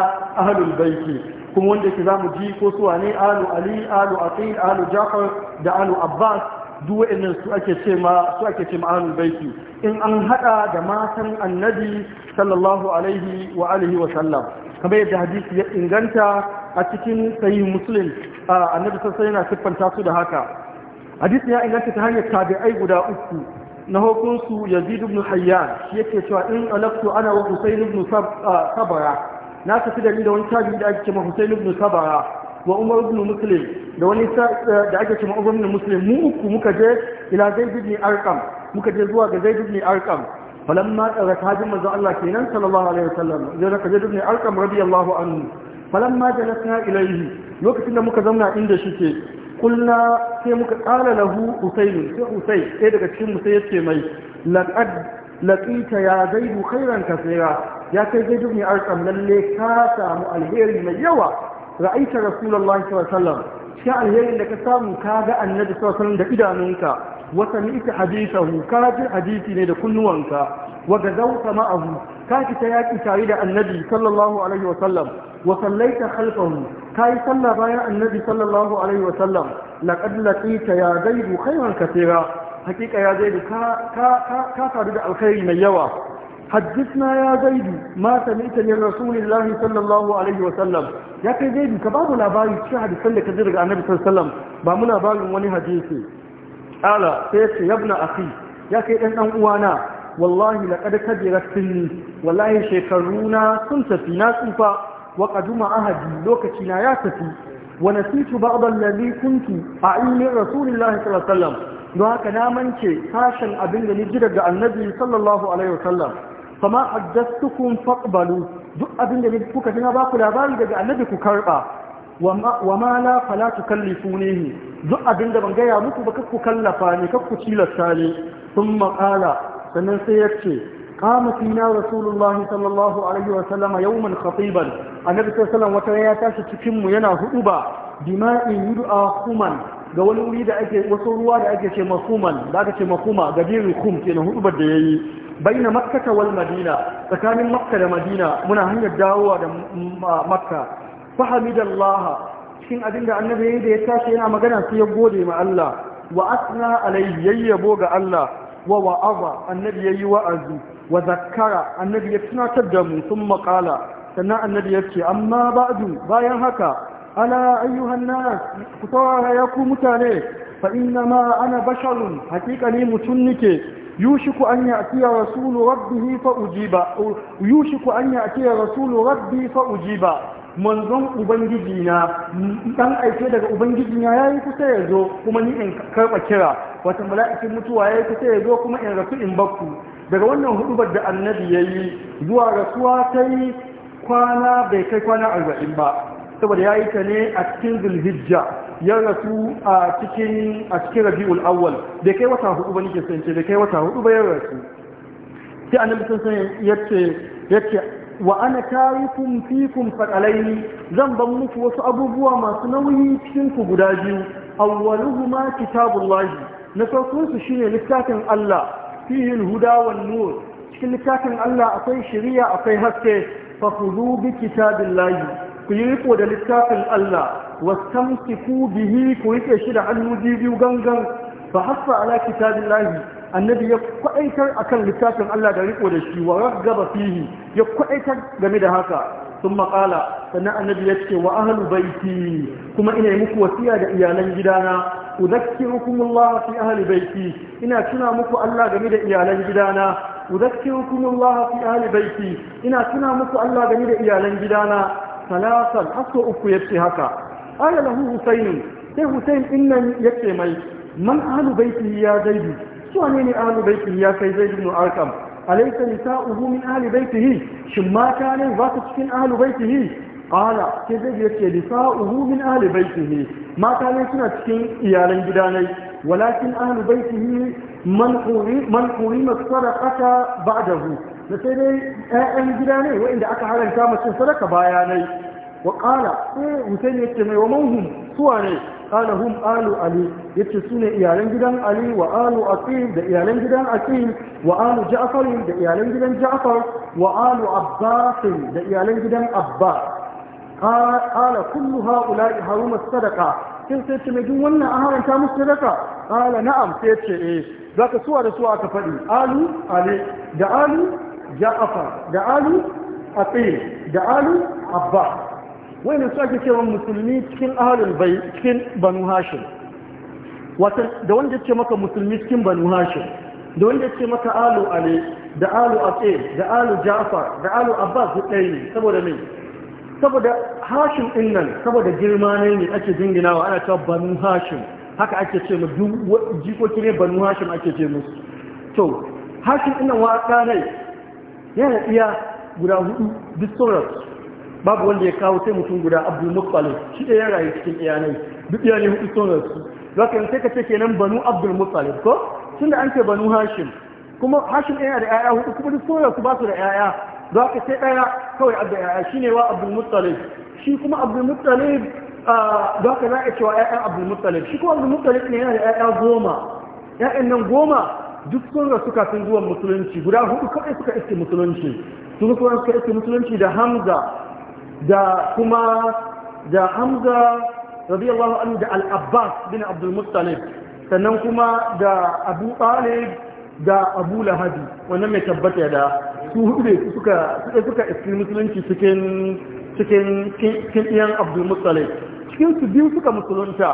ahlul baiti kuma wanda yake zamu ji ko su wane alu ali alu aqil alu jafar da alu abbas duk wa'annan su ake ce ma su ake ce ma ahlul baiti in an hada da matan annabi sallallahu alaihi wa alihi wa sallam kamar yadda hadisi ya inganta a cikin sahih muslim annabi sassan yana siffanta su da haka hadisi ya inganta ta hanyar tabi'ai guda uku na hukunsu yazid ibn hayyan shi yake cewa in alaktu ana wa husayn ibn sabara na tafi da ni da wani tabi'i da ake cewa husayn ibn sabara wa umar ibn muslim da wani eh, da ake cewa umar ibn muslim mu uku muka je ila zaid ibn arqam muka je zuwa ga zaid ibn arqam falamma tsara tajin manzo Allah kenan sallallahu alaihi wasallam zai raka zaid ibn arqam radiyallahu anhu falamma jalasna ilayhi lokacin da muka zauna inda shi ke kulna sai muka kala lahu usaini sai usai sai daga cikin musai ya ce mai laqad ya zaidu khairan kaseera ya kai zaidu mai arkam lalle ka samu alheri mai yawa ra'aita rasulullahi sallallahu shi alherin da ka samu ka ga annabi sallallahu da idanunka wa sami'ta hadithahu ka ji hadisi ne da kunnuwanka wa gazawta ma'ahu ka ki ta yaki tare da annabi sallallahu alaihi sallam. wasallaita khalfahu ta yi sallah bayan annabi sallallahu alaihi wasallam laqad laqita ya zaidu khairan katira hakika ya zaidu ka ka ka ka sadu da alkhairi mai yawa hadithna ya zaidu ma sami'ta min rasulillahi sallallahu alaihi wasallam ya kai zaidu ka babu labari cikin hadisan da ka ji daga annabi sallallahu ba mu labarin wani hadisi ala sai ya ce yabna akhi ya kai ɗan dan uwana wallahi laqad kadirat sinni wallahi shekaruna sun tafi na tsufa wa qaduma ahadi lokaci na ya tafi wa nasitu ba'd a kuntu a'ilmi rasulillahi sallallahu alaihi wasallam don haka na mance sashen abin da ji daga annabi sallallahu alaihi wasallam fama haddathukum faqbalu duk abin da kuka ji na ba ku labari daga annabi ku karba wa ma la fala tukallifunihi duk abin ban gaya muku ba kakku kallafa ne kakku cilasta ne sun maƙala sannan sai ya ce قام فينا رسول الله صلى الله عليه وسلم يوما خطيبا النبي صلى الله عليه وسلم وترى تاشي cikin yana huduba dima'i yud'a khuman ga wani wuri da ake wasu ruwa da ake ce makuman da aka ce makuma ga biri kum kenan hudubar da yayi baina makka wal madina tsakanin makka da madina muna hanyar dawowa da makka fahamidallaha cikin abinda annabi yayi da ya tashi yana magana sai ya gode ma Allah wa asna alayhi yayyabo ga Allah wa wa'aza annabi yayi wa'azi wa zakara annabi ya tunatar da mu sun maƙala sannan annabi ya ce amma ba'du bayan haka ala ayyuhan nas ku saurara ya ku mutane fa inna ma ana basharun hakika ni mutum nike yushiku an ya'tiya rasulu rabbihi fa ujiba yushiku an ya'tiya rasulu rabbi fa ujiba manzon ubangiji na dan aike daga ubangiji na yayi kusa ya zo kuma ni in karba kira wata mala'ikin mutuwa yayi kusa ya zo kuma in rafi in bakku daga wannan hudubar da annabi ya yi zuwa rasuwa ta yi kwana bai kai kwana arba'in ba saboda ya yi ta ne a cikin zulhijja ya rasu a cikin a cikin rabi'ul awwal bai kai wata hudu ba nake sance bai kai wata hudu ba ya rasu sai annabi sun san yace yace wa ana tarikum fikum zan ban muku wasu abubuwa masu nauyi cikin ku guda biyu awwaluhuma kitabullahi na farkon su shine littafin Allah fihi al-huda cikin littafin Allah akwai shiriya akwai haske fa khudhu bi kitabillahi ku yi riko da littafin Allah wastamsiku bihi ku rike shi da hannu biyu gangan fa hasa ala kitabillahi annabi ya kwaaitar akan littafin Allah da riko da shi wa raggaba fihi ya kwaaitar game da haka ثم قال سنة النبي يتكي وأهل بيتي كما إني مكوسيا لإيالا جدانا udhakkirukumullah fi ahli baiti ina tuna muku Allah game da iyalan gidana udhakkirukumullah fi ahli baiti ina tuna muku Allah game da iyalan gidana salasan hasso uku yace haka qala lahu husayn sai husayn din nan yace mai man ahli baiti ya zaidu su ne ne ahli baiti ya kai zaidu ibn arkam alaysa nisa'uhu min ahli baitihi shin mata ne za su cikin ahli baitihi Kala sai zai yace nisa'uhu min ahli baitihi mata ne suna cikin iyalan gidanai walakin ahli baitihi man quri man qurima sadaqata ba'dahu da sai dai ƴaƴan gida ne waɗanda aka haranta masu sadaka bayanai wa qala sai Hussein yace mai wa manhum suwa ne qala hum alu ali yace sune iyalan gidan ali wa alu da iyalan gidan aqil wa alu ja'far da iyalan gidan ja'far wa alu da iyalan gidan abbas قال كل هؤلاء هرم الصدقة sai sai ce duk wannan an haranta musu sadaka qala na'am sai ce eh zaka suwa da suwa ka faɗi alu ali da alu ja'afa da alu atil da alu abba wannan su ake cewa musulmi cikin ahlul bai cikin banu hashim wata da wanda ce maka musulmi cikin banu hashim da wanda ce maka alu ali da alu atil da alu ja'afa da alu abba su ne saboda me saboda hashim din nan saboda girma ne ne ake jinginawa ana cewa banu hashim haka ake ce mu jikoki ne banu hashim ake ce musu to hashim din nan waka ne yana iya guda hudu duk sauran babu wanda ya kawo sai mutum guda abdul muttalib shi ɗaya ya rayu cikin iyanai duk iyanai hudu sauran su zaka sai ka ce kenan banu abdul muttalib ko tunda an ce banu hashim kuma hashim ɗaya da 'ya'ya hudu kuma duk sauran su ba su da 'ya'ya za ka sai ɗaya kawai adda yaya shi ne wa abdulmuttalib shi kuma abdulmuttalib za ka za a cewa ‘ya'yan abdulmuttalib shi kuma abdulmuttalib ne yana da ‘ya'ya goma ‘ya'yan nan goma duk sun rasu kafin zuwan musulunci guda hudu kawai suka iske musulunci sun kuma suka iske musulunci da hamza da kuma da hamza radiyallahu anhu da al-abbas bin abdulmuttalib sannan kuma da abu talib da abu lahabi wannan mai tabbata da su hudu ne suka suka iski musulunci cikin cikin cikin iyan abdul musalai cikin su biyu suka musulunta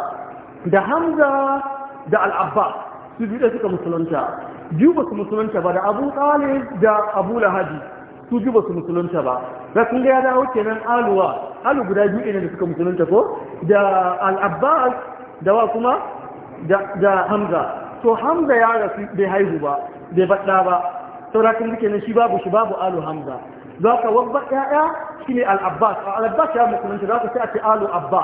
da hamza da al'abba su biyu suka musulunta biyu ba su musulunta ba da abu talib da abu lahadi su biyu ba su musulunta ba da kun ga ya dawo kenan aluwa alu guda biyu ne da suka musulunta ko da al'abba da wa kuma da hamza to hamza ya rasu bai haihu ba bai baɗa ba saurakin duke nan shi babu shi babu alu hamza za ka wabba ya'ya shi ne al'abbas a al'abbas ya musulunta za ka sai a ce alu abba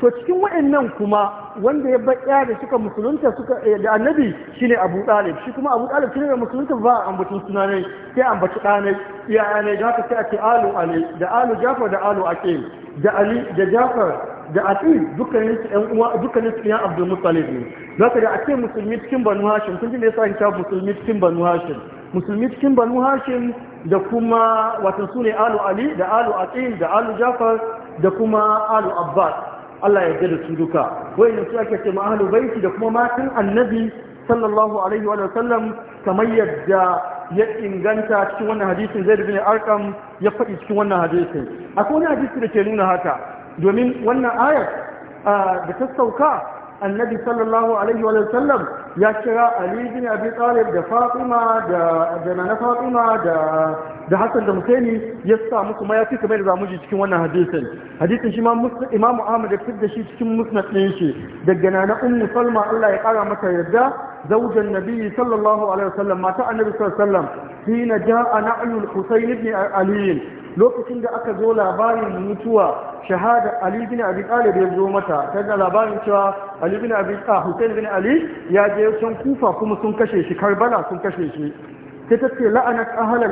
to cikin wa'annan kuma wanda ya baƙya da suka musulunta suka eh, da annabi shine abu ɗalib shi kuma abu ɗalib shine da musulunta ba a ambacin sunanai ne sai ambaci ɗanai iya ne da haka sai a ce alu ali da alu jafar da alu Ake. da ali da jafar da atin dukkanin su ƴan uwa dukkanin su ƴan Abdul Muttalib ne zaka da ake musulmi cikin Banu Hashim kun ji me yasa in musulmi cikin Banu Hashim musulmi cikin banu hashim da kuma watan su ne alu ali da alu aqil da alu jafar da kuma alu abbas Allah ya da su duka wayannan su ake ce ahlul baiti da kuma matan annabi sallallahu alaihi wa sallam kamar yadda ya inganta cikin wannan hadisin zaid bin arqam ya faɗi cikin wannan hadisin akwai wani hadisi da ke nuna haka domin wannan ayar ah, da ta sauka annabi sallallahu alaihi wa sallam ya kira ali bin abi talib da fatima da da nana fatima da da hasan da husaini ya sa musu mayafi kamar da zamu ji cikin wannan hadisin hadisin shi ma imam ahmad ya fitar shi cikin musnad ɗin shi daga nana ummu salma Allah ya kara mata yarda zaujan nabi sallallahu alaihi wa sallam mata annabi sallallahu alaihi wa sallam hina jaa na'lul husayn ibn ali lokacin da aka zo labarin mutuwa shahada Ali bin Abi Talib ya zo mata ta da labarin cewa Ali bin Abi Talib ah, Hussein bin Ali ya je can Kufa kuma sun kashe shi Karbala sun kashe shi sai ta ce la'anat ahlal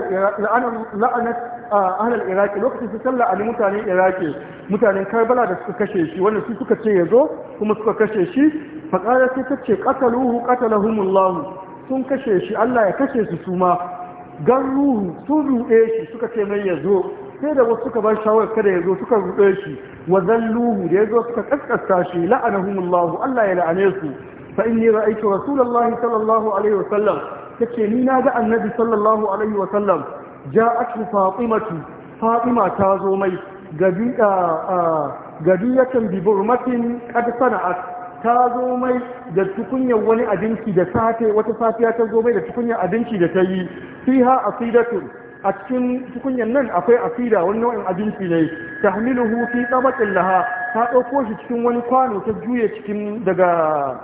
la'anat ah, ahlal Iraq lokacin su sallah Ali mutanen Iraki mutanen Karbala da suka kashe shi wanda su suka ce yazo kuma suka kashe shi fa qala sai ta ce qataluhu qatalahumullah sun kashe shi Allah ya kashe su suma gan ruhu sun ruɗe shi suka ce mai ya zo sai da wasu suka ban shawarar kada ya zo suka ruɗe shi wa zalluhu da ya zo suka kaskasta shi la'anahumullahu Allah ya la'ane su fa ni ra'aytu rasulullahi sallallahu alaihi wa sallam yace ni na ga annabi sallallahu alaihi wa sallam ja'atu fatimatu fatima ta zo mai gadi gadiyatan bi burmatin qad sana'at ta zo mai da tukunyar wani abinci da safe wata safiya ta zo mai da tukunyar abinci da ta yi fi ha a cikin tukunyar nan akwai asida wani nau'in abinci ne hamilu hufi tabaqin laha ta ɗauko shi cikin wani kwano ta juya cikin daga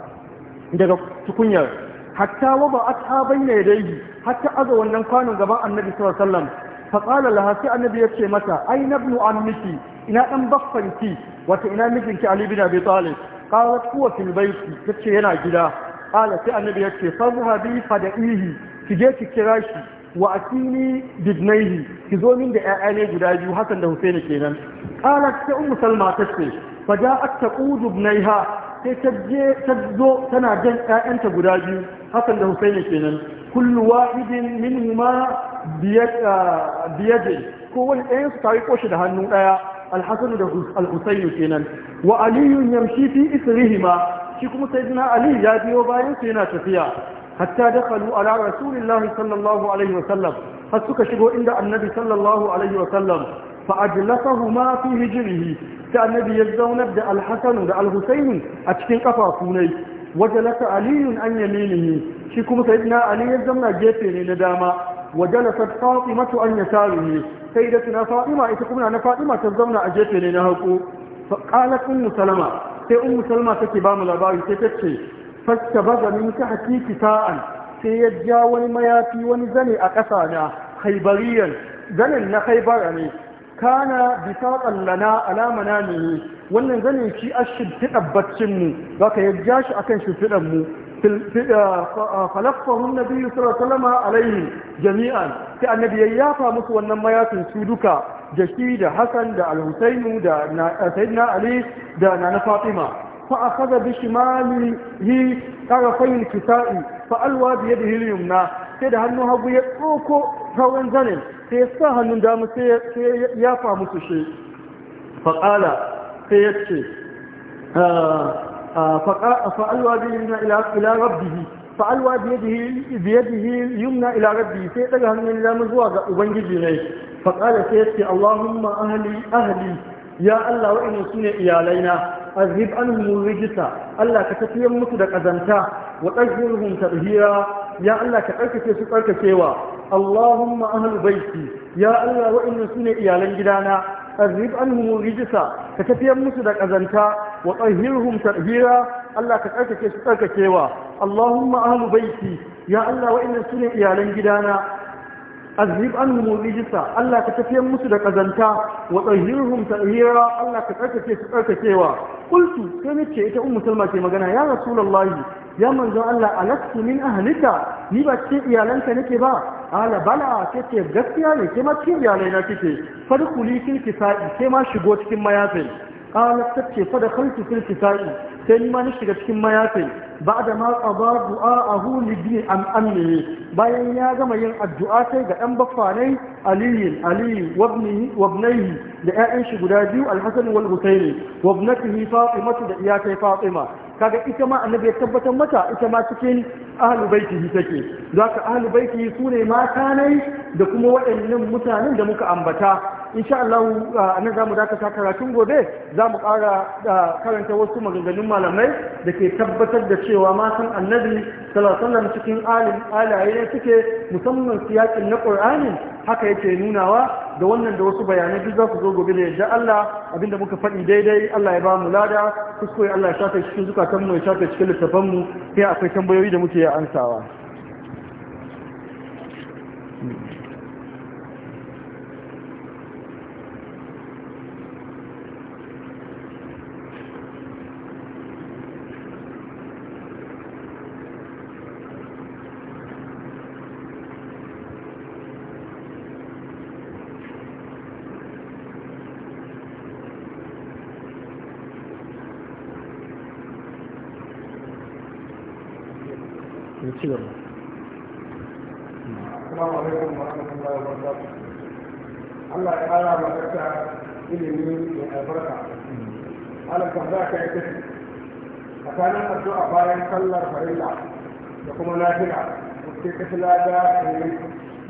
daga tukunyar hatta wa ba bayyana da yi, hatta aza wannan kwano gaban annabi sallallahu alaihi wasallam fa sai annabi ya ce mata ai ammiki ina dan baffanki wata ina mijinki ali bin abi qalat huwa fil baiti tace yana gida qala sai annabi yace fadhhabi fada'ihi ki je ki kira shi wa asini bidnaihi ki zo min da ne guda biyu hakan da Husaini kenan qalat sai ummu salma tace fada'at taqudu ibnaiha sai ta je ta zo tana jan 'ya'yanta guda biyu hakan da Husaini kenan kullu wahidin minhuma biyad biyad ko wani ɗayan su ta riko shi da hannu ɗaya alhassan da alhussainu kenan wa aliyun yamshi fi isrihima shi kuma sayyidina Aliyu ya biyo bayan su yana tafiya hatta dakhalu ala rasulillahi sallallahu alaihi wasallam har suka shigo inda annabi sallallahu alaihi wasallam fa ajlasahuma fi hijrihi sai annabi ya zaunar da alhassan da alhussainu a cikin kafafu ne wajalasa Aliyu an yaminihi shi kuma sayyidina ali ya zauna gefe ne na dama وجلست فاطمة أن يساره سيدتنا فاطمة اتقمنا أن فاطمة تزونا أجيتي لنهكو فقالت أم سلمة سي أم سلمة تكبام الأباري تتكشي فاستبغ من تحتي كتاء سيجا ونمياتي ونزني أقصانا خيبريا زنن نخيبرني كان بساطا لنا على منامه wannan zanin shi a shimfiɗar baccinmu za ka yajja shi akan shimfiɗarmu falaffahu nabi sallallahu alaihi salama alaihi jami'an sai annabi ya yafa musu wannan mayafin su duka da shi da Hassan da Al-Husainu da Sayyidina Ali da Nana Fatima fa akhadha bi shimalihi tarafayil kisa'i fa alwa bi yadihi al na, sai da hannun hagu ya tsoko rawan zanin sai ya sa hannun dama sai ya yafa musu shi fa qala sai ya ce fa'alwa biyadihina ila rabbihi fa'alwa biyadihi yumna ila rabbihi sai daga hannun dama zuwa ga ubangiji ne faqala sai yace allahumma ahli ahli ya allah wa'inna sune iyalaina azhib anhum allah ka tafiyar musu da kazanta wa tahhirhum tadhira ya allah ka karkace su karkacewa allahumma ahli ya allah wa'inna sune iyalan gidana azhib anhum rijsa ka musu da kazanta wa tsahirhum tarhira Allah ka tsarkake su tsarkakewa Allahumma ahlu baiti ya Allah wa'annan sune iyalan gidana azhib anhum rijsa Allah ka tafiyar musu da kazanta wa tahirhum tahira Allah ka tsarkake su tsarkakewa qultu sai nace ita ummu salma ce magana ya rasulullahi ya manzo Allah alastu min ahlika ni ba cikin iyalanka nake ba ala bala kace gaskiya ne ke ma cikin iyalai na kike fadkhuli fil kisa'i ke ma shigo cikin mayafin qalat tace fa da khaltu fil sai ni ma na shiga cikin mayafin ba'da ma babu du'a'ahu li bi am amni bayan ya gama yin addu'a sai ga dan bafanai ali ali wa da 'ya'yan shi guda biyu al-hasan wal husayn wa ibnatihi fatimatu da iyakai fatima kaga ita ma annabi ya tabbatar mata ita ma cikin ahlul baitihi take zaka ahlul baitihi sune mata ne da kuma waɗannan mutanen da muka ambata insha Allah nan za mu dakata karatun gobe za mu ƙara karanta wasu maganganun malamai da ke tabbatar da cewa matan annabi sallallahu cikin alim alaye suke musamman siyakin na Qur'ani haka yake nunawa da wannan da wasu bayanai duk za ku zo gobe da yadda Allah abinda muka faɗi daidai Allah ya ba mu lada kuskure Allah ya shafe cikin zukatanmu ya shafe cikin littafanmu mu sai akwai tambayoyi da muke ansawa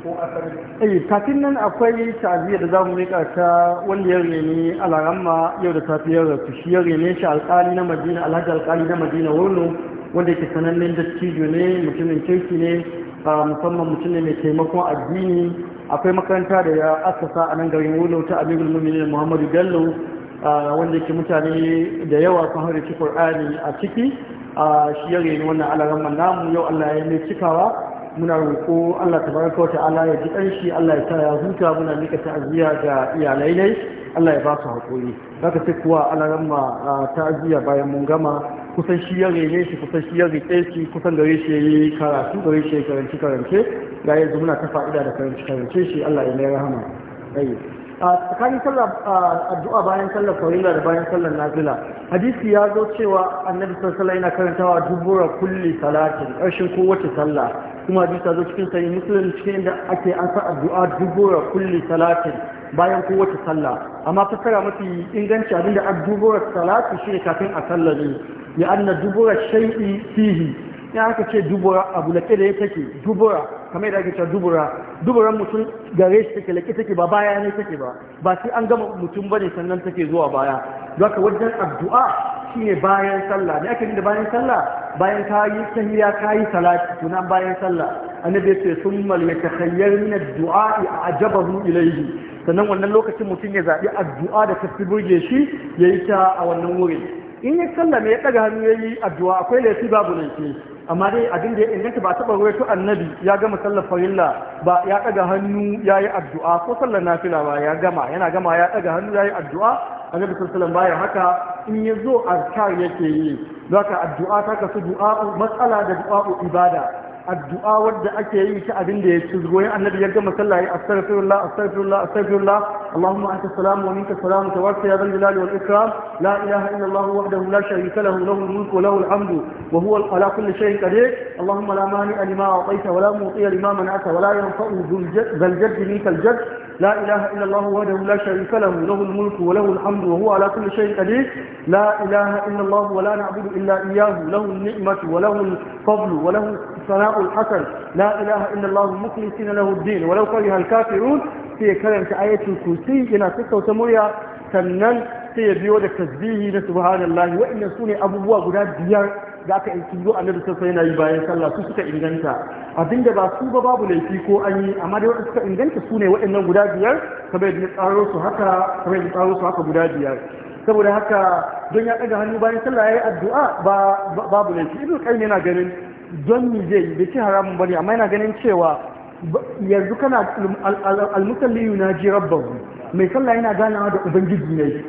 ta eh,
kafin nan akwai ta'aziyya da za mu rika ta wanda ya rene alaramma yau da safiyar da shi ya rene shi alƙali na Madina Alhaji alƙali na Madina Wano wanda yake sanannen dattijo ne mutumin kirki ne musamman mutum ne mai taimakon addini akwai makaranta da ya asasa a nan garin Wano ta Amirul Mu'minin Muhammadu Bello ah, wanda yake mutane da yawa sun ci Qur'ani a ciki a shi yare reni wannan alaran mu yau Allah ya mai cikawa muna roƙo Allah baraka wa ta'ala ya ji shi, Allah ya sa ya huta muna mika ta'aziyya ga iyalai ne Allah ya ba su haƙuri ka ce kuwa alaran ma ta'aziyya bayan mun gama kusan shi yare rene shi kusan shi yare riƙe shi kusan gare shi ya yi karatu gare shi ya karanci karance ga yanzu muna ta fa'ida da karanci karance shi Allah ya mai rahama a tsakanin sallar addu'a bayan sallar farilla da bayan sallar nafila hadisi ya zo cewa annabi sallallahu alaihi yana karantawa dubura kulli salatin ƙarshen kowace sallah kuma hadisi ya zo cikin sahih muslim cikin inda ake an sa addu'a dubura kulli salatin bayan kowace sallah amma fassara mafi inganci abinda addu'a salati shine kafin a sallar ne ya anna dubura shay'i fihi ya aka ce dubura abu da ya take dubura kamar da ake cewa dubura duburan mutum gare shi take laƙi take ba baya ne take ba ba sai an gama mutum bane sannan take zuwa baya don haka wajen addu'a shine bayan sallah ne ake da bayan sallah bayan kayi tahiyya kayi salati tunan bayan sallah annabi ya ce summal yatakhayyar min addu'a ajabahu ilayhi sannan wannan lokacin mutum ya zaɓi addu'a da ta burge shi yayi ta a wannan wurin in ya ne ya daga hannu yayi addu'a akwai laifi babu laifi amma dai abin da ya inganta ba taɓa ruwaito annabi ya gama sallar farilla ba ya ɗaga hannu ya yi addu'a ko sallar nafila ba ya gama yana gama ya ɗaga hannu ya yi addu'a A annabi sallallahu baya haka in ya zo a kar yake yi zaka addu'a ta kasu du'a'u, matsala da du'a'u ibada addu'a wadda ake yi shi abin da ya ci goyon annabi ya gama sallah ya astaghfirullah astaghfirullah astaghfirullah allahumma anta salam wa minka salam ya wal ikram la ilaha illa allah wahdahu la sharika lahu lahu al mulku wa lahu al hamdu wa huwa ala kulli shay'in qadir allahumma la mani wa la mana'ta wa la yanfa'u minka al jadd لا إله إلا الله وحده لا شريك له له الملك وله الحمد وهو على كل شيء قدير لا إله إلا الله ولا نعبد إلا إياه له النعمة وله الفضل وله ثناء الحسن لا إله إلا الله مخلصين له الدين ولو كره الكافرون sai karanta ayatul kursi yana sassauta murya sannan sai ya biyo da tasbihi na subhanallah wa'annan sune abubuwa guda biyar da aka yanki zo annabi sassa yana yi bayan sallah su inganta abinda ba su ba babu laifi ko an yi amma dai wanda suka inganta su ne wa'annan guda biyar kamar tsaro su haka guda biyar saboda haka don ya ɗaga hannu bayan sallah ya yi addu'a ba babu laifi ibnu qayyim yana ganin don mi zai bai ci haramun bane amma yana ganin cewa yanzu kana almusalli na ji rabbahu mai sallah yana ganawa da ubangiji ne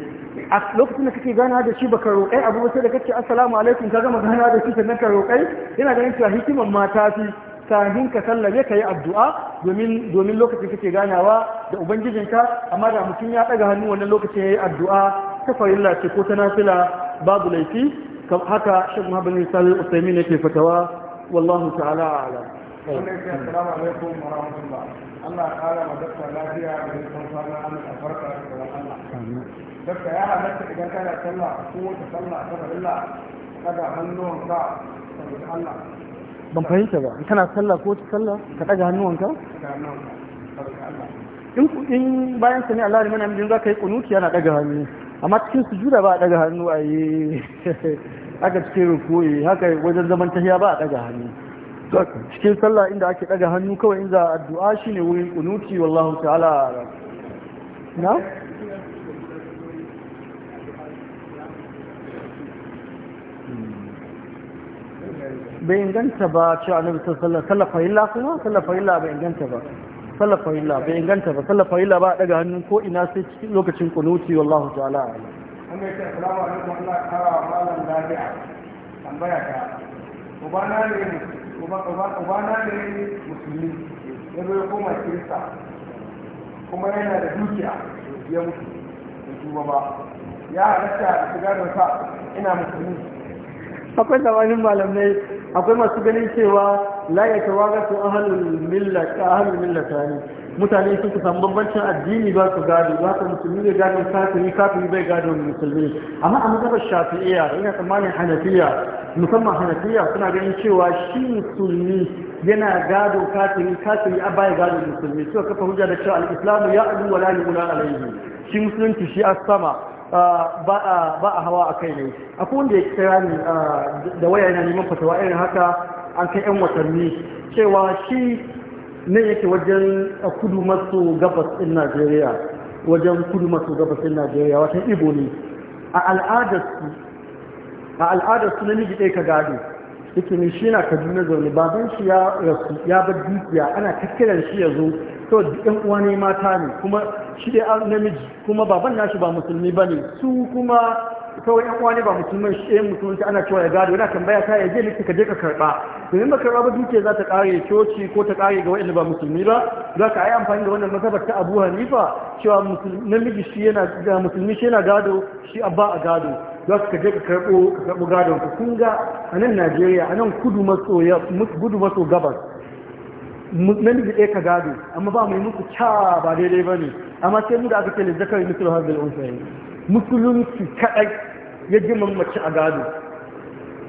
a lokacin da kake ganawa da shi baka roƙai abu sai da kace assalamu alaikum ka gama ganawa da shi sannan ka roƙai yana ganin cewa hikiman mata fi sahin ka sallame ka yi addu'a domin lokacin kake ganawa da ubangijinka amma da mutum ya ɗaga hannu wannan lokacin ya yi addu'a ta farilla ce ko ta nafila babu laifi haka shan muhammad salih usaimin yake fatawa wallahu ta'ala ala
assalamu alaikum wa rahmatullah Allah kara ma dakta lafiya فيها rikon sana an albarka da Allah dakta ya halatta idan kana sallah ko wata sallah ta farilla kada hannuwanka saboda Allah
ban fahimta ba kana sallah ko ta sallah ka daga hannuwanka in bayan sani Allah ne mana za ka yi kunuti yana daga hannu amma cikin sujuda ba a daga hannu a aka cikin rukuyi haka wajen zaman tahiya ba a daga hannu cikin sallah inda ake daga hannu kawai in za addu'a shine wurin kunuti wallahu ta'ala na bai inganta ba cewa a sallallahu alaihi wasallam farilla kuma sallar bai inganta ba sallafa farilla bai inganta ba sallar farilla ba daga hannun ko ina sai cikin lokacin kunuti wallahu ta'ala
wanda yake assalamu alaikum Allah kara wa malam lafiya tambaya ta ubana ne ubana ne musulmi ya zo ya koma kirista kuma yana da dukiya ya mutu da tuba ba ya halatta a shiga da sa ina musulmi
akwai tsamanin malamai akwai masu ganin cewa la ya tawaga su ahalul millata ahalul millata ne mutane sun ku samu bambancin addini ba su gado ba su musulmi zai gado kafiri kafiri bai gado musulmi amma a mazhabar shafi'iyya ina tsammanin hanafiya musamman hanafiya suna ganin cewa shi musulmi yana gado kafiri kafiri a baya gado musulmi suka kafa hujja da cewa al-islamu ya adu wa la yula alayhi shi musulunci shi a sama ba a hawa a kai ne akwai wanda ya kira ni da waya yana neman fatawa irin haka an kai 'yan watanni cewa shi nan yake wajen kudu maso gabas ɗin najeriya wajen kudu maso gabas ɗin najeriya watan ibo ne a al'adarsu namiji ɗaya ka gado yake ne shi na kaduna zaune baban shi ya rasu ya bar dukiya ana kakkiran shi ya zo to ɗan uwa ne mata ne kuma shi dai namiji kuma baban nashi ba musulmi ba ne su kuma kawai ɗan uwa ne ba musulmi shi ɗaya musulmi ana cewa ya gado yana tambaya ta ya je ka je ka karɓa yin baka raba duke za ta kare coci ko ta kare ga wa'anda ba musulmi ba za ka yi amfani da wannan mazhabar ta abu hanifa cewa namiji shi yana da musulmi shi yana gado shi abba a gado za ka je ka karɓo ka karɓo gadon ku kun ga a nan najeriya a nan kudu maso gudu maso gabas namiji ɗaya ka gado amma ba mai muku ca ba daidai ba ne amma sai mu da aka ce da zakari musulun har da musulunci kaɗai ya ji mace a gado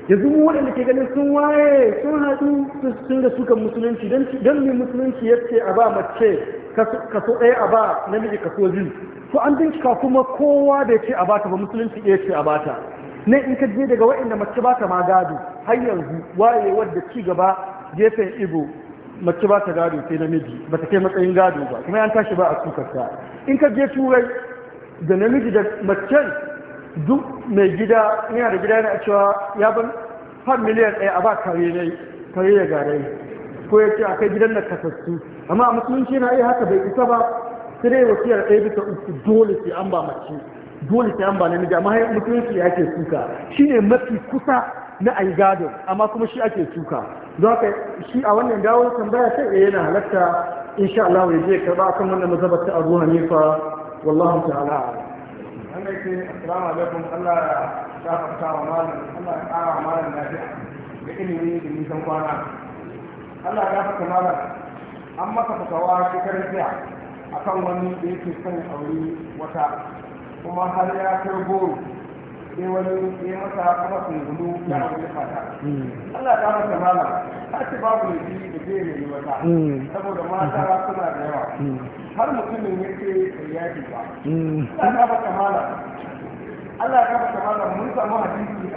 yanzu mu waɗanda ke ganin sun waye sun haɗu sun da suka musulunci don mai musulunci ya ce a ba mace kaso ɗaya a ba namiji kaso biyu to an bincika kuma kowa da ya ce a bata ba musulunci ɗaya ce a bata ne in ka je daga waɗanda mace bata ma gado har yanzu waye wadda ci gaba gefen ibo mace bata gado sai namiji ta kai matsayin gado ba kuma an tashi ba a sukarta in ka je turai da namiji da macen duk mai gida yana da gida yana cewa ya ban fan miliyan ɗaya a ba kare ne kare ya gare ko ya ce a gidan da kasassu amma a musulunci na iya haka bai isa ba sai dai wasiyar ɗaya bisa uku dole sai an ba mace dole sai an ba namiji amma har musulunci ya ke suka shine mafi kusa na ayi gado amma kuma shi ake suka don haka shi a wannan dawo tambaya sai eh, yana halatta insha Allah ya je karba akan wannan mazhabar ta Abu Hanifa wallahu ta'ala
kai ce assalamu alaikum Allah ya shafarta wa malam Allah ya kara wa malam lafiya da ilimi da nisan kwana Allah ya fata malam an masa fatawa shekarun jiya akan wani da yake son aure wata kuma har ya kai goro sai wani ya masa kuma kungulu ya wani fata hmm. Allah ta masa mala ta ce babu ne shi da zai nemi mata hmm. saboda mata hmm. suna da yawa har mutumin ya ce ya ji ba Allah ta masa mala Allah ta masa mala mun samu hadisi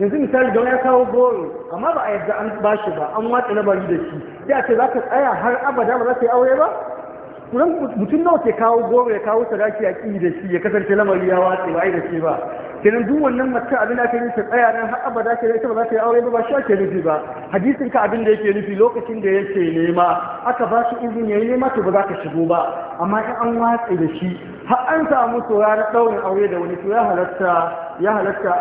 yanzu misali don ya kawo goro amma ba a yadda an ba shi ba an watsa labari da shi Ya ce za ka tsaya har abada ba za ka yi aure ba kuran mutum nawa ke kawo goro ya kawo sadaki a ƙi da shi ya kasance lamari ya watse ba yi da shi ba kenan duk wannan mace abin da ake nufi tsaya nan har abada ke ita ba za ta yi aure ba ba shi ake nufi ba hadisin ka abin da yake nufi lokacin da yake nema aka ba shi izini yi nema to ba za ka shigo ba amma in an watse da shi har an samu tsora na ɗaurin aure da wani to ya halatta ya halatta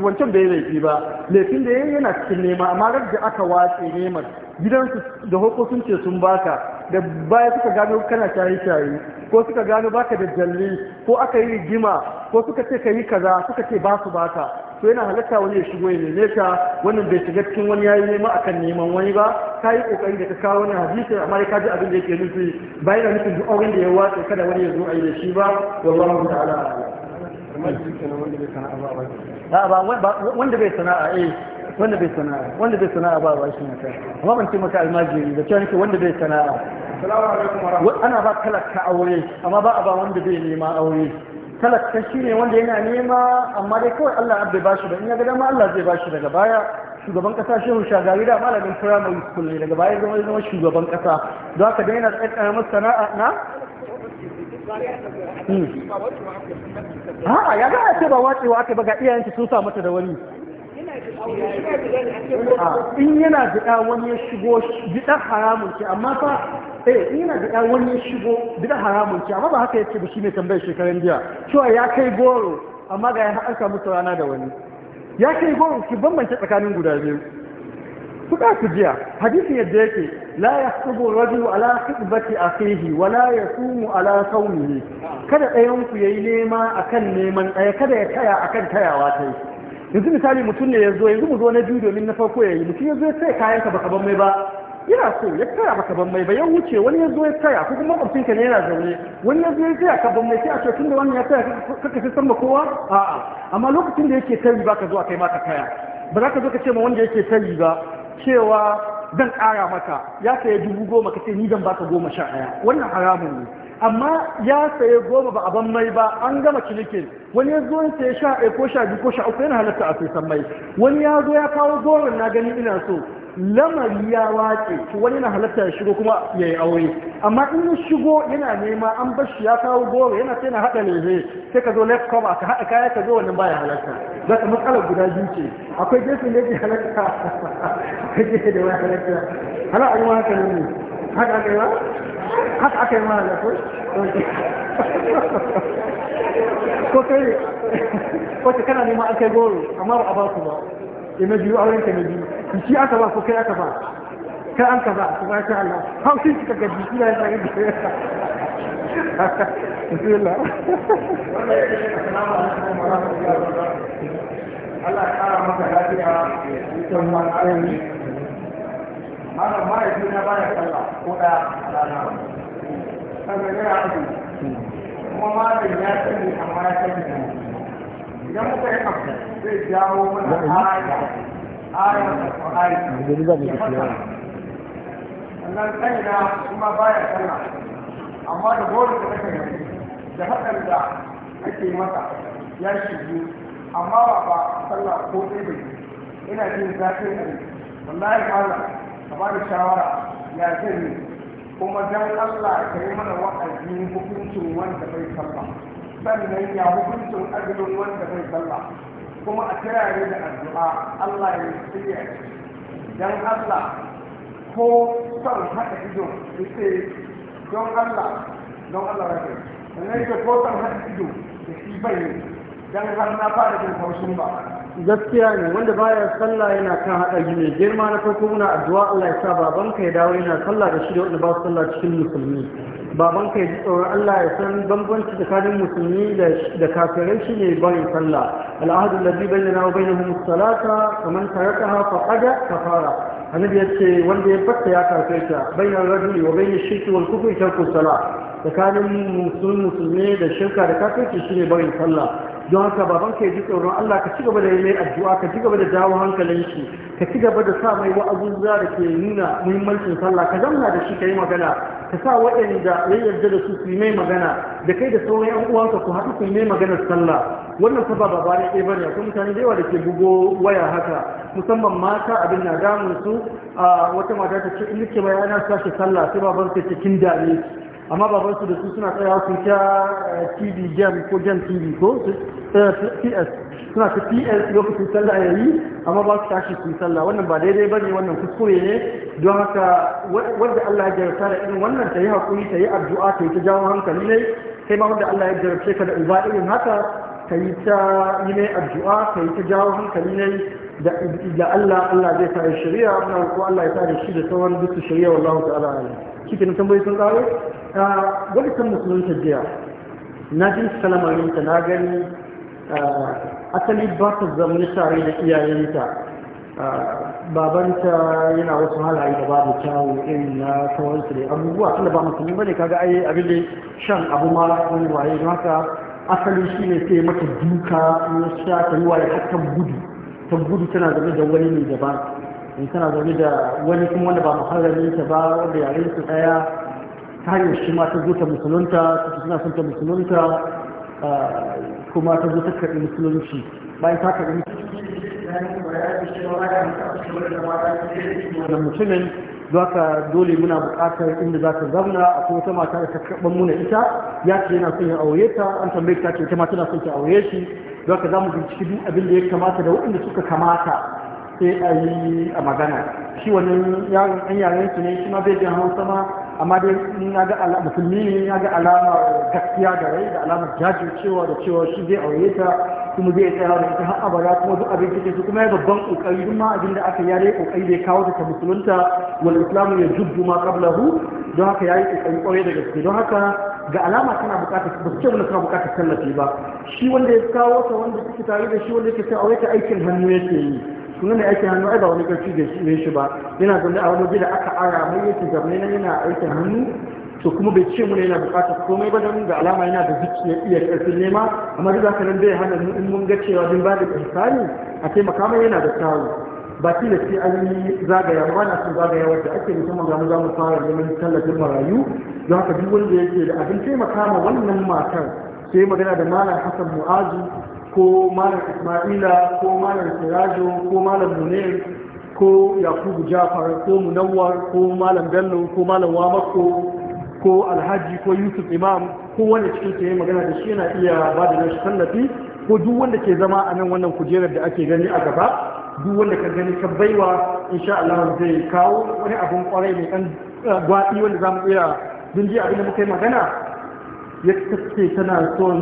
wancan bai laifi ba laifin da yi yana cikin nema amma da aka watse neman gidansu da hoko sun ce sun baka da baya suka gano kana shaye-shaye ko suka gano baka da jalli ko aka yi rigima ko suka ce ka yi kaza suka ce ba su baka to yana halatta wani ya shigo ya nene ka wannan bai shiga cikin wani yayi nema akan neman wani ba ka yi kokari da ka kawo wani hadisi amma ka kaji abin da yake nufi bayan da nufin duk auren da ya watsa kada wani ya zo a yi da shi ba wallahu ta'ala sana'a ba wanda bai sana'a eh wanda bai sana'a wanda bai sana'a ba ba shi mata amma ban ce maka almajiri da cewa nake wanda bai sana'a ana ba talaka aure amma ba a ba wanda bai nema aure talaka shi ne wanda yana nema amma dai kawai Allah abbe ba shi ba in ya ga dama Allah zai ba shi daga baya shugaban kasa shehu shagari da malamin primary school ne daga baya zama zama shugaban kasa don haka daina tsakarar sana'a na
ha hmm. ya ga ce ba wacewa
aka ba ga iyayenki sun sa mata da wani in yana gida wani ya shigo gida haramun ce amma fa eh in yana ya ce amma ba haka yake ba shi ne tambayar shekaran jiya cewa ya kai goro amma ga ya an samu rana da wani ya kai goro ki bambance tsakanin guda biyu ka ku jiya hadisin yadda yake la yahsubu rajulu ala khidbati akhihi wa la yasumu ala sawmihi kada ɗayan ku yayi nema akan neman ɗaya kada ya taya akan tayawa ta yi yanzu misali mutum ne ya zo yanzu mu zo na biyu domin na farko ya yi mutum ya zo ya tsaye kayan ka baka ban mai ba yana so ya tsaya baka ban mai ba ya wuce wani ya zo ya tsaya ko kuma makwabcin ka ne yana zaune wani ya zo ya tsaya ka ban mai sai a ce tunda wannan ya tsaya ka fi san kowa a'a amma lokacin da yake tari ba ka zo a kai ma ka ba za ka zo ka ce ma wanda yake tari ba cewa zan ƙara maka ya kai dubu goma ka ce ni zan baka goma sha ɗaya wannan haramun ne amma ya saye goma ba a ban mai ba an gama cinikin wani ya zo ya sha a ko sha biyu ko sha uku yana halatta a fesan mai wani ya zo ya kawo goro na gani ina so lamari ya wace wani na halatta ya shigo kuma ya yi aure amma in ya shigo yana nema an bar shi ya kawo goro yana sai na haɗa lele sai ka zo left cover ka haɗa kaya ka zo wannan baya halatta za ka matsalar guda biyu ce akwai gefe ne ke
halatta akwai gefe da wani halatta hala a yi haka ne haka ne ba haka aka yi mana da ko
ko kai ko ta kana neman an kai goro amma ba a ba ku ba ya na biyu auren ka na biyu shi aka ba ko kai aka ba kai an ka ba su ba sha Allah hau shi ka
gaji shi ya yi tsarin da ya Bismillah. Allah ya kara maka lafiya da kuma ƙarami. Malam ma'aikata baya sallah ko ɗaya a rana. kaga yana azumi kuma malam ya sani amma ya sani idan muka yi haka zai jawo mana aya aya da ƙwarai ya fata sannan kaina kuma baya sana amma da gori da kaka yanzu da haɗar da ake masa ya shigo amma ba ba sallah ko ɗaya bai ina jin zafin ne wallahi malam ka ba da shawara ya zai ne kuma dan Allah ka yi mana wa'azi hukuncin wanda bai sallah sannan ya hukuncin ajalin wanda bai sallah kuma a tare da addu'a Allah ya shirya dan Allah ko son haɗa ido yace don Allah don Allah rake sannan yake ko son haɗa ido da shi bai dan har na fara jin haushin ba
gaskiya ne wanda baya sallah yana kan haɗari mai girma na farko muna addu'a Allah ya sa babanka ya dawo yana sallah da shi da wanda ba su sallah cikin musulmi babanka ya ji tsoron Allah ya san bambanci tsakanin musulmi da kafirai shi ne bayan sallah al'ahadu ladhi bainana wa bainahum salata faman tarakaha faqad kafara annabi yace wanda ya fatta ya kafirta bainar rajuli wa bainish shirki wal kufri tarku salah tsakanin musulmi da shirka da kafirci shine bayan sallah don haka baban ka ji tsoron Allah ka ci gaba da mai addu'a ka ci gaba da dawo hankalin shi ka ci gaba da sa mai wa'azin da ke nuna muhimmancin sallah ka zamna da shi ka yi magana ka sa waɗanda ya yarda da su su mai magana da kai da sauran yan uwanka ku haɗu ku mai maganar sallah wannan fa ba ne ɗaya bane akwai mutane da yawa da ke bugo waya haka musamman mata abin na damun su ah, wata mata ta ce in nake bayana sashi sallah sai baban sai cikin dame amma babban su da su suna tsaya su ta eh, tv jam ko jam tv ko eh, ps suna ta ps lokacin sallah yayi amma ba su tashi su sallah wannan ba daidai bane wannan kuskure ne don haka wanda Allah ya jarabta da irin wannan ta yi hakuri ta yi addu'a ta yi ta jawo hankali ne kai ma wanda Allah ya jarabta ka da uba irin haka ka yi ta yi mai addu'a ka yi ta jawo hankali ne da Allah Allah zai sa shari'a muna ko Allah ya sa da shi da sauran duk shari'a wallahu ta'ala alim shi ke tambayi sun a wani kan musulunta jiya na jin salamarinta na gani asali ba ta zama tare da iyayenta babanta yana wasu halaye da babu kyawu in na kawansu da abubuwa tunda ba musulmi bane kaga ai abin da shan abu ma wani waye don haka asali shine sai mata duka ya sha ta yi waye har gudu ta gudu tana zama da wani ne daban in kana zaune da wani kuma wanda ba muharramin ta ba wanda yaren su daya ta hanyar shi ma ta zo ta musulunta su suna son ta musulunta kuma ta zo ta karɓi musulunci bayan ta karɓi
musulunci da mutumin
za ka dole muna buƙatar inda za ka zauna a kuma ta mata da ta karɓar muna ita ya ce yana son ya aure ta an tambaye ta ce ita ma tana son ta aure shi za ka za mu binciki duk abin da ya kamata da waɗanda suka kamata sai a yi a magana shi wani yan yaren su ne shi ma bai jin hausa ma amma dai na ga musulmi ne ya ga alama gaskiya da rai da alamar jajircewa da cewa shi zai aure ta kuma zai tsaya da ita har abada kuma duk abin cikin su kuma ya babban kokari duk ma abin da aka yare kokari bai kawo ta musulunta wal islamu ya jubbu ma qablahu don haka yayi kokari kwarai da gaske don haka ga alama tana bukatar ba su ce wani suna bukatar tallafi ba shi wanda ya kawo ta wanda suke tare da shi wanda yake sai aure ta aikin hannu yake yi kuma mai aikin hannu ai ba wani ƙarfi da shi ne shi ba yana zaune a wani da aka ara mai yake zaune nan yana aikin hannu to kuma bai ce muna yana bukatar komai ba don da alama yana da zuciya iya ƙarfin nema amma duk haka nan bai hana mu in mun ga cewa bin ba da ƙarfi a taimaka makamai yana da tsaro ba shi da shi an yi zagaya ba na sun zagaya wadda ake musamman ga mu za mu fara neman tallafin marayu don haka duk wanda yake da abin taimaka ma wannan matar sai magana da malam Hassan mu'azu ko malam ismaila ko malam sirajo ko malam munir ko yakubu jafar ko munawar ko malam bello ko malam wamako ko alhaji ko yusuf imam ko wanda cikin yi magana da shi yana iya ba da nashi tallafi ko duk wanda ke zama a nan wannan kujerar da ake gani a gaba duk wanda ka gani ka baiwa insha Allah zai kawo wani abin kwarai mai dan eh, gwaɗi wanda za mu iya dun ji abin da muka yi magana ya kace tana son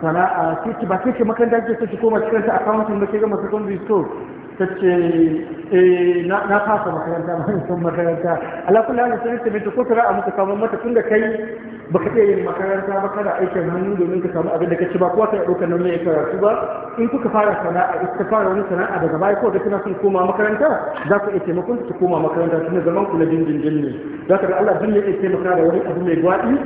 sana'a ce ce ba ce, makaranta kike ce, ki koma cikin ta accounting da ke gama secondary school ta ce eh, na fasa makaranta ba son makaranta alakul halin sai ta mita ko tara a muka samu mata tun da kai ba ka yin makaranta ba kana aikin hannu domin ka samu abin da ka ci ba kuwa ka ɗaukar nan ya karatu ba in kuka fara sana'a in ka fara wani sana'a daga baya ko da kana son koma
makaranta za ku iya taimakon ku koma makaranta tun da zaman ku na dindindin ne za ka ga Allah duk ya iya taimaka da wani abu mai gwaɗi